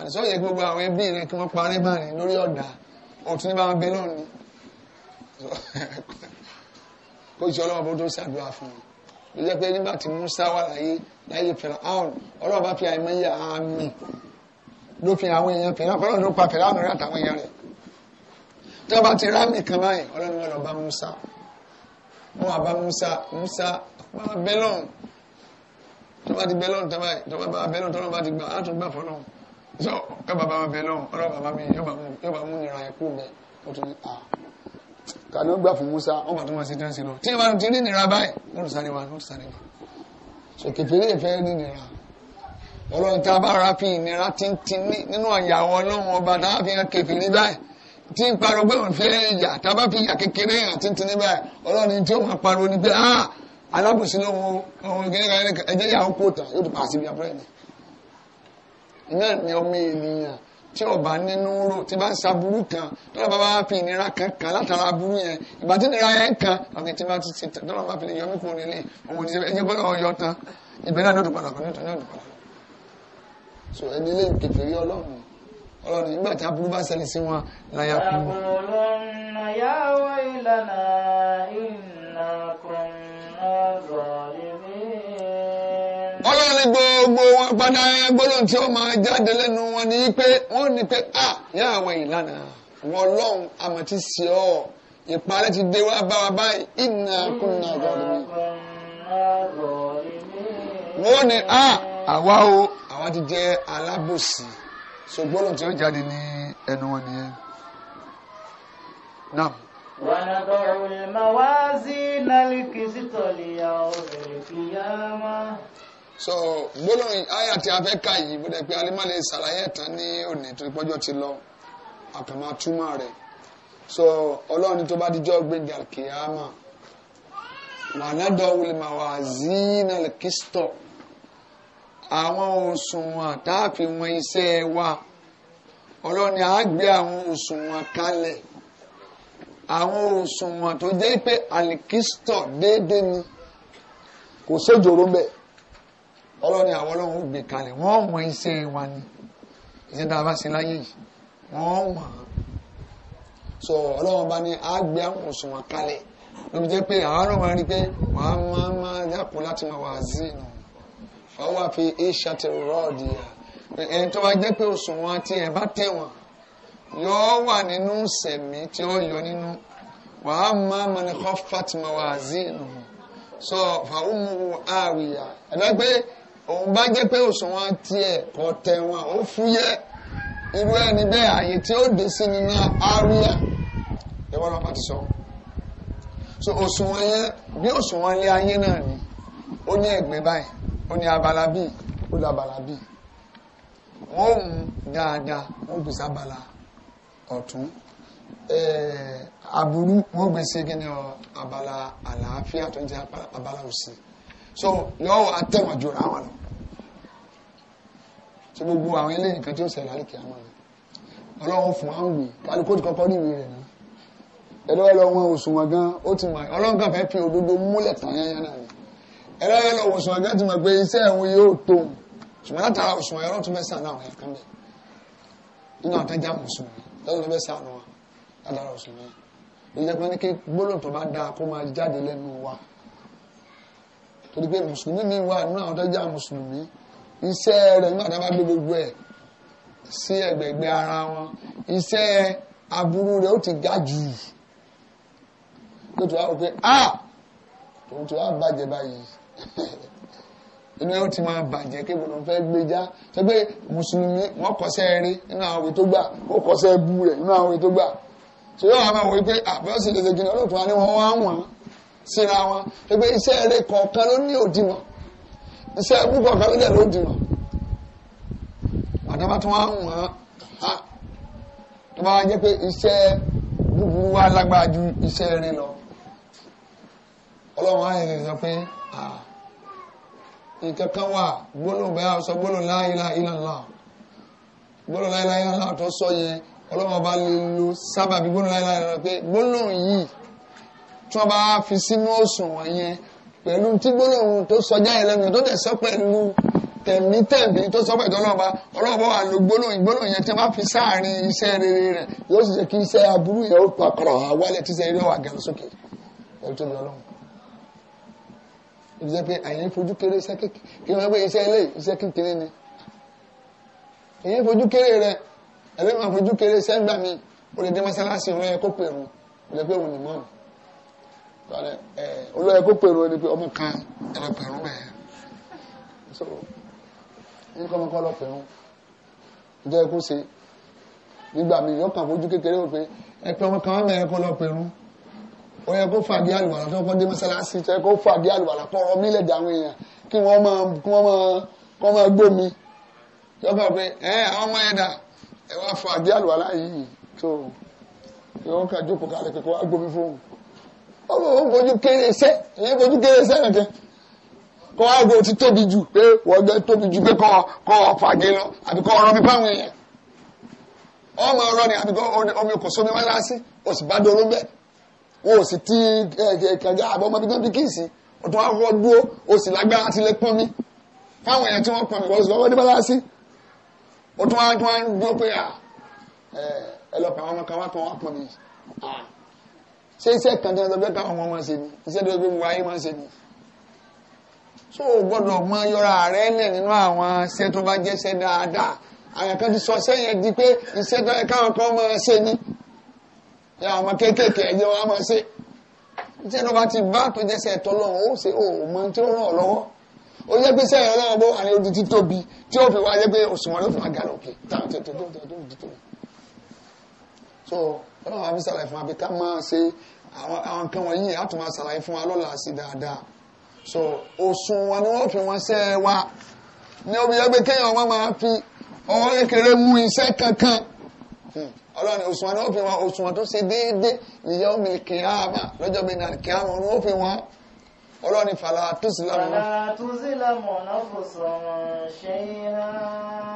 àdìsọ́ yẹ kí gbogbo àwọn ẹbí rẹ kí wọ́n parí bá lórí ọ̀dà òtún ní bá náà ni kó ìṣọ́ ọlọ́wọ́ bó tó sàdúrà fún wọn ló jẹ́ pé nígbà tí Musa wà láyé láyé fẹ̀rẹ̀ àwọn ọlọ́wọ́ bá fi àìmọye àmì ló fi àwọn èèyàn fẹ̀rẹ̀ tí wọ́n bá ti rá mi kan báyìí ọlọ́run wọn bá Musa wọn wà bá Musa Musa bá bẹ́lọ̀n tí wọ́n bá ti bẹ́lọ̀n tán báyìí tí wọ́n bá bẹ́lọ̀n tí wọ́n bá ti gbà á tún gbà fọ́nà sọ yóò bá bá wọn bẹ́lọ̀n ọlọ́run bàbá mi yóò bá mú nira ẹ̀kú mi ó tún ní à kàní ó gbà fún Musa wọn bá tún wọn sí tán sí lọ tí wọ́n ti rí nira báyìí wọ́n tún sáré wa wọ́n tún sáré wa sòkèfèrè ìfẹ́ ní nira ọlọ́run tá a bá ra fi ìnira tíntín nínú àyàwó tí ń pariwo pé òun fẹ́ yà tábà fi yà kékeré àti tìǹtìǹ báyìí ọlọ́run tí ó máa pariwo ni pé ah alábòsí ló ń ohun gẹ́gẹ́ gẹ́gẹ́ ẹjẹ́ yà ó kó tà yóò tó pàṣẹ ìyàbọ̀ ẹ̀ náà ni ọmọ ènìyàn tí ọba nínú rò tí bá ń sa burú kan tọ́lá bá bá fi ìnira kan kan látara burú yẹn ìgbà tí ìnira yẹn kan ọ̀gbìn tí bá ti ti tẹ̀ tọ́lá bá fi lè yọ mí kúrò nílé òun ti ẹjẹ́ gbọ́dọ̀ ọyọ tán ìbẹ̀rẹ̀ náà ló dùn padà kan ní ìtàn náà ló so ẹni ọlọ́run nígbà tí aburú bá ṣẹlẹ̀ sí wọn láyà kún. ọlọ́run ní gbogbo wọn padà gbólóhùn tí ó máa jáde lẹ́nu wọn ni pé wọ́n ní pé à ah, yá àwọn ìlànà wọn lọ́hùn àmọ́ ti sì ọ́ ìparẹ́ ti dé wá bá wa báyìí ìnà kùnà gọ̀ọ́dún mi. wọ́n ní à ah, àwa o àwa ti jẹ́ alábòsí so gbólóhùn tí ó jáde ní ẹnu wọn nìyẹn náà. ونضع الموازين القسط ليوم القيامة so gbólóhùn àyà tí a fẹ́ kà yìí bó dẹ̀ pé alimọ́lẹ̀ ṣàlàyé tán ní òní tó pọ́jọ́ ti lọ àkàmà túmọ̀ rẹ̀ so ọlọ́run tó bá dijọ́ gbẹ̀ngà kìámà wànádọ́ wùlìmọ̀ wàzínà kìstọ̀ àwọn òṣùwọ̀n tá a fi wọn iṣẹ́ wa ọlọ́run ni a gbé àwọn òṣùwọ̀n kalẹ̀ àwọn òṣùwọ̀n tó jẹ́ pé alikistọ̀ déédéé ni kò séjòrò bẹ́ẹ̀ ọlọ́run ni àwọn ọlọ́run gbé kalẹ̀ wọ́n wọn iṣẹ́ wa ni iṣẹ́ tá a bá ṣe láyé yìí wọ́n wọ̀n so ọlọ́run bá ní a gbé àwọn òṣùwọ̀n kalẹ̀ ló fi jẹ́ pé àwọn ọlọ́run rí pé wàá máa máa yàpọ̀ láti máa wà á sí ìnáwó fọwọ́ fi ìṣàtì rọ́ọ̀dì yà ẹni tó bá jẹ́ pé òṣùwọ̀n àti ẹ̀ bá tẹ̀ wọ́n yóò wà nínú sẹ̀mí tí ó yọ nínú wàá máa mọ̀nì kọ́ fatima wà zí nù sọ fàwùmù àwìyà ẹ̀dá pé òun bá jẹ́ pé òṣùwọ̀n àti ẹ̀ kò tẹ̀ wọ́n ó fúyẹ́ irú ẹni bẹ́ẹ̀ àyè tí ó dé sí nínú àwìyà ẹ̀ wọ́n lọ́pàá ti sọ so òṣùwọ̀n yẹn bí òṣùwọ̀n ilé ayé náà ni ó ní ẹ̀gbẹ́ báyìí ó ní abala bíi ó lọ abala bíi wọ́n mú dáadáa wọ́n gbèsè abala ọ̀tún aburú wọ́n gbèsè kí ni abala àlàáfíà tó ń jẹ́ abala òsì so lọ́wọ́ atẹ́wọ̀n jù ra wọn lọ so gbogbo àwọn eléyìí kan tí ó ṣẹlẹ̀ àlèkè àwọn rẹ̀ ọlọ́run fún àwọn ìwé kálukó ti kọ́kọ́ rí ìwé rẹ̀ náà ẹ̀dọ́ ẹ̀lọ́ wọn òṣùwọ̀n gan ó ti mọ̀ ọlọ́run kan fẹ́ fi òdodo múlẹ̀ tàn yẹn yẹn náà ẹ̀rọ yẹn lọ wòsàn ẹ̀gá ti mọ̀ pé iṣẹ́ ẹ̀hún yóò tó ṣùgbọ́n látara òṣùwọ̀n ẹ̀rọ tó fẹ́ sàn náà ẹ̀ kán bẹ̀ nínú àtẹ́já mùsùlùmí lọ́dún tó fẹ́ sàn náà látara òṣùwọ̀n yẹn ló jẹ́ pé ní kí gbólóhùn tó bá dáa kó máa jáde lẹ́nu wa torí pé mùsùlùmí mi wà nínú àwọn àtẹ́já mùsùlùmí iṣẹ́ rẹ̀ nígbà tá a bá gbé gbogbo ẹ̀ sí ẹ̀gbẹ̀gbẹ̀ ara wọn ah tòun ti wá bàjẹ́ inú ẹ ó ti máa bàjẹ́ kí ìbùdó fẹ́ gbé já ṣe pé mùsùlùmí wọ́n kọsẹ́ rí nínú àwọn òwe tó gbà ó kọsẹ́ bú rẹ̀ nínú àwọn òwe tó gbà ṣe yóò wá máa ni wa ni wọ́n wá wọ̀n síra wọn ṣe pé iṣẹ́ eré kọ̀ọ̀kan ló ní òdiwọ̀n iṣẹ́ ẹbú kọ̀ọ̀kan ló dẹ̀ ló nǹkan kan wà gbólóhùn bẹ́ẹ̀ sọ gbólóhùn la ilaha illallah gbólóhùn la ilaha illallah tó sọ yẹn ọlọ́wọ́n bá sábàbí gbólóhùn la ilaha pé gbólóhùn yìí tí wọ́n bá fi sínú òṣùwọ̀n yẹn pẹ̀lú tí gbólóhùn tó sọ jáde lẹ́nu tó dẹ̀ sọ pẹ̀lú tẹ̀mí tó sọ pẹ̀lú ọlọ́ọ̀bá ọlọ́ọ̀bá wà ló gbólóhùn gbólóhùn yẹn tí wọ́n bá fi sáàrin iṣẹ́ rere rẹ̀ yóò sì jẹ́ kí iṣẹ́ aburú yẹn ó pa kọ̀rọ̀ wálẹ̀ tí iṣẹ́ rere wà gẹ̀rọ sókè pẹ̀lú tóbi ọlọ́run ibi jẹ́ pé àyẹ̀yẹ́ fojú kéré iṣẹ́ kékeré kí wọ́n pẹ́ iṣẹ́ ilé iṣẹ́ kékeré ni èyí fojú kéré rẹ ẹ̀rẹ́ máa fojú kéré iṣẹ́ gbà mí o lè dé mọ́sálásí olóyè kó pèrò o lè pé òun ni mọ́ọ̀mù olóyè kó pèrò ni pé ọmọ kan ẹ̀rọ pèrò bẹ́ẹ̀ so nǹkan ọmọkọ́ lọ pèrò ìjọ ẹkú ṣe nígbà mi yọkàn fojú kékeré òfin ẹ̀pẹ́ ọmọ kan mẹ́rin kó lọ pèrò ó yẹ kó fàdí àlùwàlà tó kọ́ dé mọ́sálásí tó yẹ kó fàdí àlùwàlà kọ́ ọ mílẹ̀ dì àwọn èèyàn kí wọ́n máa kí wọ́n máa kí wọ́n máa gbómi tó kọ́ pé ẹ àwọn ọmọ yẹn dà ẹ wá fàdí àlùwàlà yìí tó yọ ká jókòó kalẹ̀ kí wọ́n á gbómi fóun ó fojú kéré iṣẹ́ ìyẹn fojú kéré iṣẹ́ nìkan kọ́ aago ti tóbi jù pé wọ́n gbé tóbi jù pé kọ́ kọ́ fàgé lọ àbí kọ́ ọ̀rọ̀ ọmọ ọ̀rọ̀ ni àbí omi kò sómi wá lásì òsì bá dolo wọn ò sì ti kẹjọ àbọ̀ ọmọ bíbí bí kìí sí ọ̀tún àwọn dúró o sì lágbára ti lè pọ́n mi fáwọn èèyàn tí wọ́n pọ́n mi wọ́n sì lọ́wọ́ dé bọ́lá sí ọ̀tún àwọn tí wọ́n dúró pé à ẹ lọ pa àwọn ọmọ kan wá pọ́n wá pọ́n mi ṣé iṣẹ́ kan tí wọ́n sọ káwọn ọmọ wọn ṣe ni iṣẹ́ tó gbé wáyé wọn ṣe ni tó o gbọ́dọ̀ mọ yọra rẹ lẹ̀ nínú àwọn iṣẹ́ tó bá jẹ́ iṣẹ́ dáadáa àyàkán ti sọ iṣẹ́ yẹn di pé iṣẹ́ káwọn kan máa ṣe ni ẹ ọmọ kéékèèké ẹjẹ wa máa ṣe iṣẹ́ tó bá ti bá tó jẹ́ sẹ́ ó ṣe òòmọ tí ó ràn ọ́ lọ́wọ́ ó yẹ pé sẹ́yìn ọlọ́wọ́ bó àní odi ti tóbi tí ó fi wá yẹ pé òṣùwọ̀n ló fi máa ga lókè táwọn tó tó tó tó di tóbi. so ọlọ́run àfi ṣàlàyé fún wa ká máa ṣe àwọn nǹkan wọ̀nyí á tún máa ṣàlàyé fún wa lọ́la sí dáadáa so òṣùwọ̀n ni wọ́n fi wọ́n ṣẹ́ wa ní omi pé kéèyàn wọn máa fi ọwọ́ kékeré mú iṣẹ́ kankan Hmm. ọlọ́run òṣùwọ̀n ni ó fi wọn òṣùwọ̀n tó ṣe déédé ìyá omi kìáàmà lọ́jọ́ bíi náà kìáàmà ni ó fi wọn ọlọ́run fàlà túsìlámù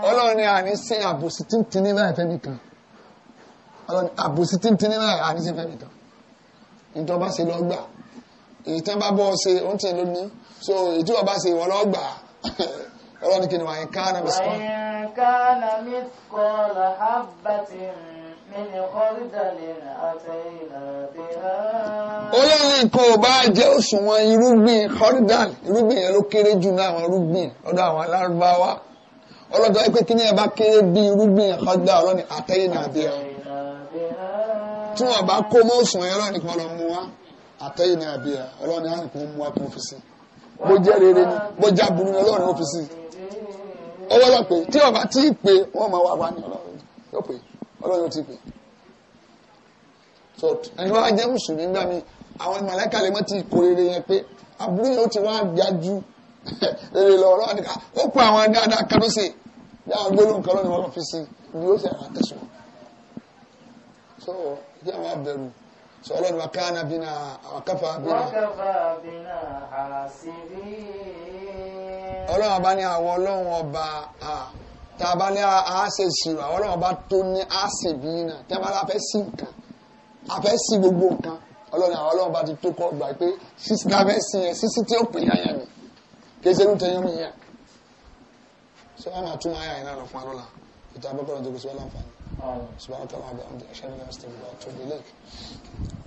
ọlọ́run ni àní sí àbòsí tíntìní báyìí fẹ́ nìkan ọlọ́run àbòsí tíntìní báyìí àní sí fẹ́ nìkan ìjọba ṣe lọ gbà èyí tí wọ́n bá bọ́ ọ ṣe ó ń tì lónìí so èyí tí wọ́n bá ṣe ìwọ lọ gbà á. ọlọ́ni kí ni wà ń ká na mìsíkọ́. wà na mìsíkọ́ la hábàtì mìíní kọ́rídàlẹ̀ àti ìlàbí ha. olórí nǹkan ò bá jẹ́ òṣùwọ̀n irúgbìn kọ́rídàl irúgbìn yẹn ló kéré jù ní àwọn irúgbìn lọ́dọ̀ àwọn alárúbáwá ọlọ́dọ̀ ẹgbẹ́ kí ni ẹ bá kéré bí irúgbìn kọ́rídà ọlọ́ni àtẹ́yìn àbí ha tí wọn bá kó mọ́ òṣùwọ̀n yẹn lọ́nìí kan lọ mú wa àtẹ́yìn àbí ha ọlọ́ni á nìkan mú wa kó fi sí bó jẹ́ rere ni bó já burú ni ọlọ́run ó fi sí i ọwọ́ lọ pé tí ọba tí ì pé wọ́n máa wá wá ní ọlọ́run yóò pé ọlọ́run ti pè so ẹni wá jẹ́ mùsùlùmí gbà mí àwọn mọ̀lẹ́kà lè mọ́ ti kó rere yẹn pé àbúrò yẹn ó ti wá ga ju rere lọ ọlọ́run nìkan ó pa àwọn dáadáa kan ló ṣe bí àwọn gbólóhùn kan lónìí wọ́n fi sí ni ó sì àwọn àtẹ̀sùn so jẹ́ àwọn abẹ̀rù so ọlọ́run wa káà náà bí àwọn káfà bí wọ́n ọlọ́run ọba ní àwọn ọlọ́run ọba tá a bá ní àáṣe ìṣirò àwọn ọlọ́run ọba tó ní àáṣe bíi náà tí a bá la fẹ́ sí nǹkan a fẹ́ sí gbogbo nǹkan ọlọ́run àwọn ọlọ́run ọba ti tó kọ́ gbà pé sísí tá a fẹ́ sí yẹn sísí tí ó pè yàn yàn ni kéṣe ló tẹyàn mí yàn so wọn máa túmọ̀ ayà yẹn náà lọ fún arọ́là ìta abẹ́kọ̀ọ́ lọ́dún tó wọn láǹfààní ṣùgbọ́n àwọn tó máa bẹ̀rẹ̀ ṣẹ́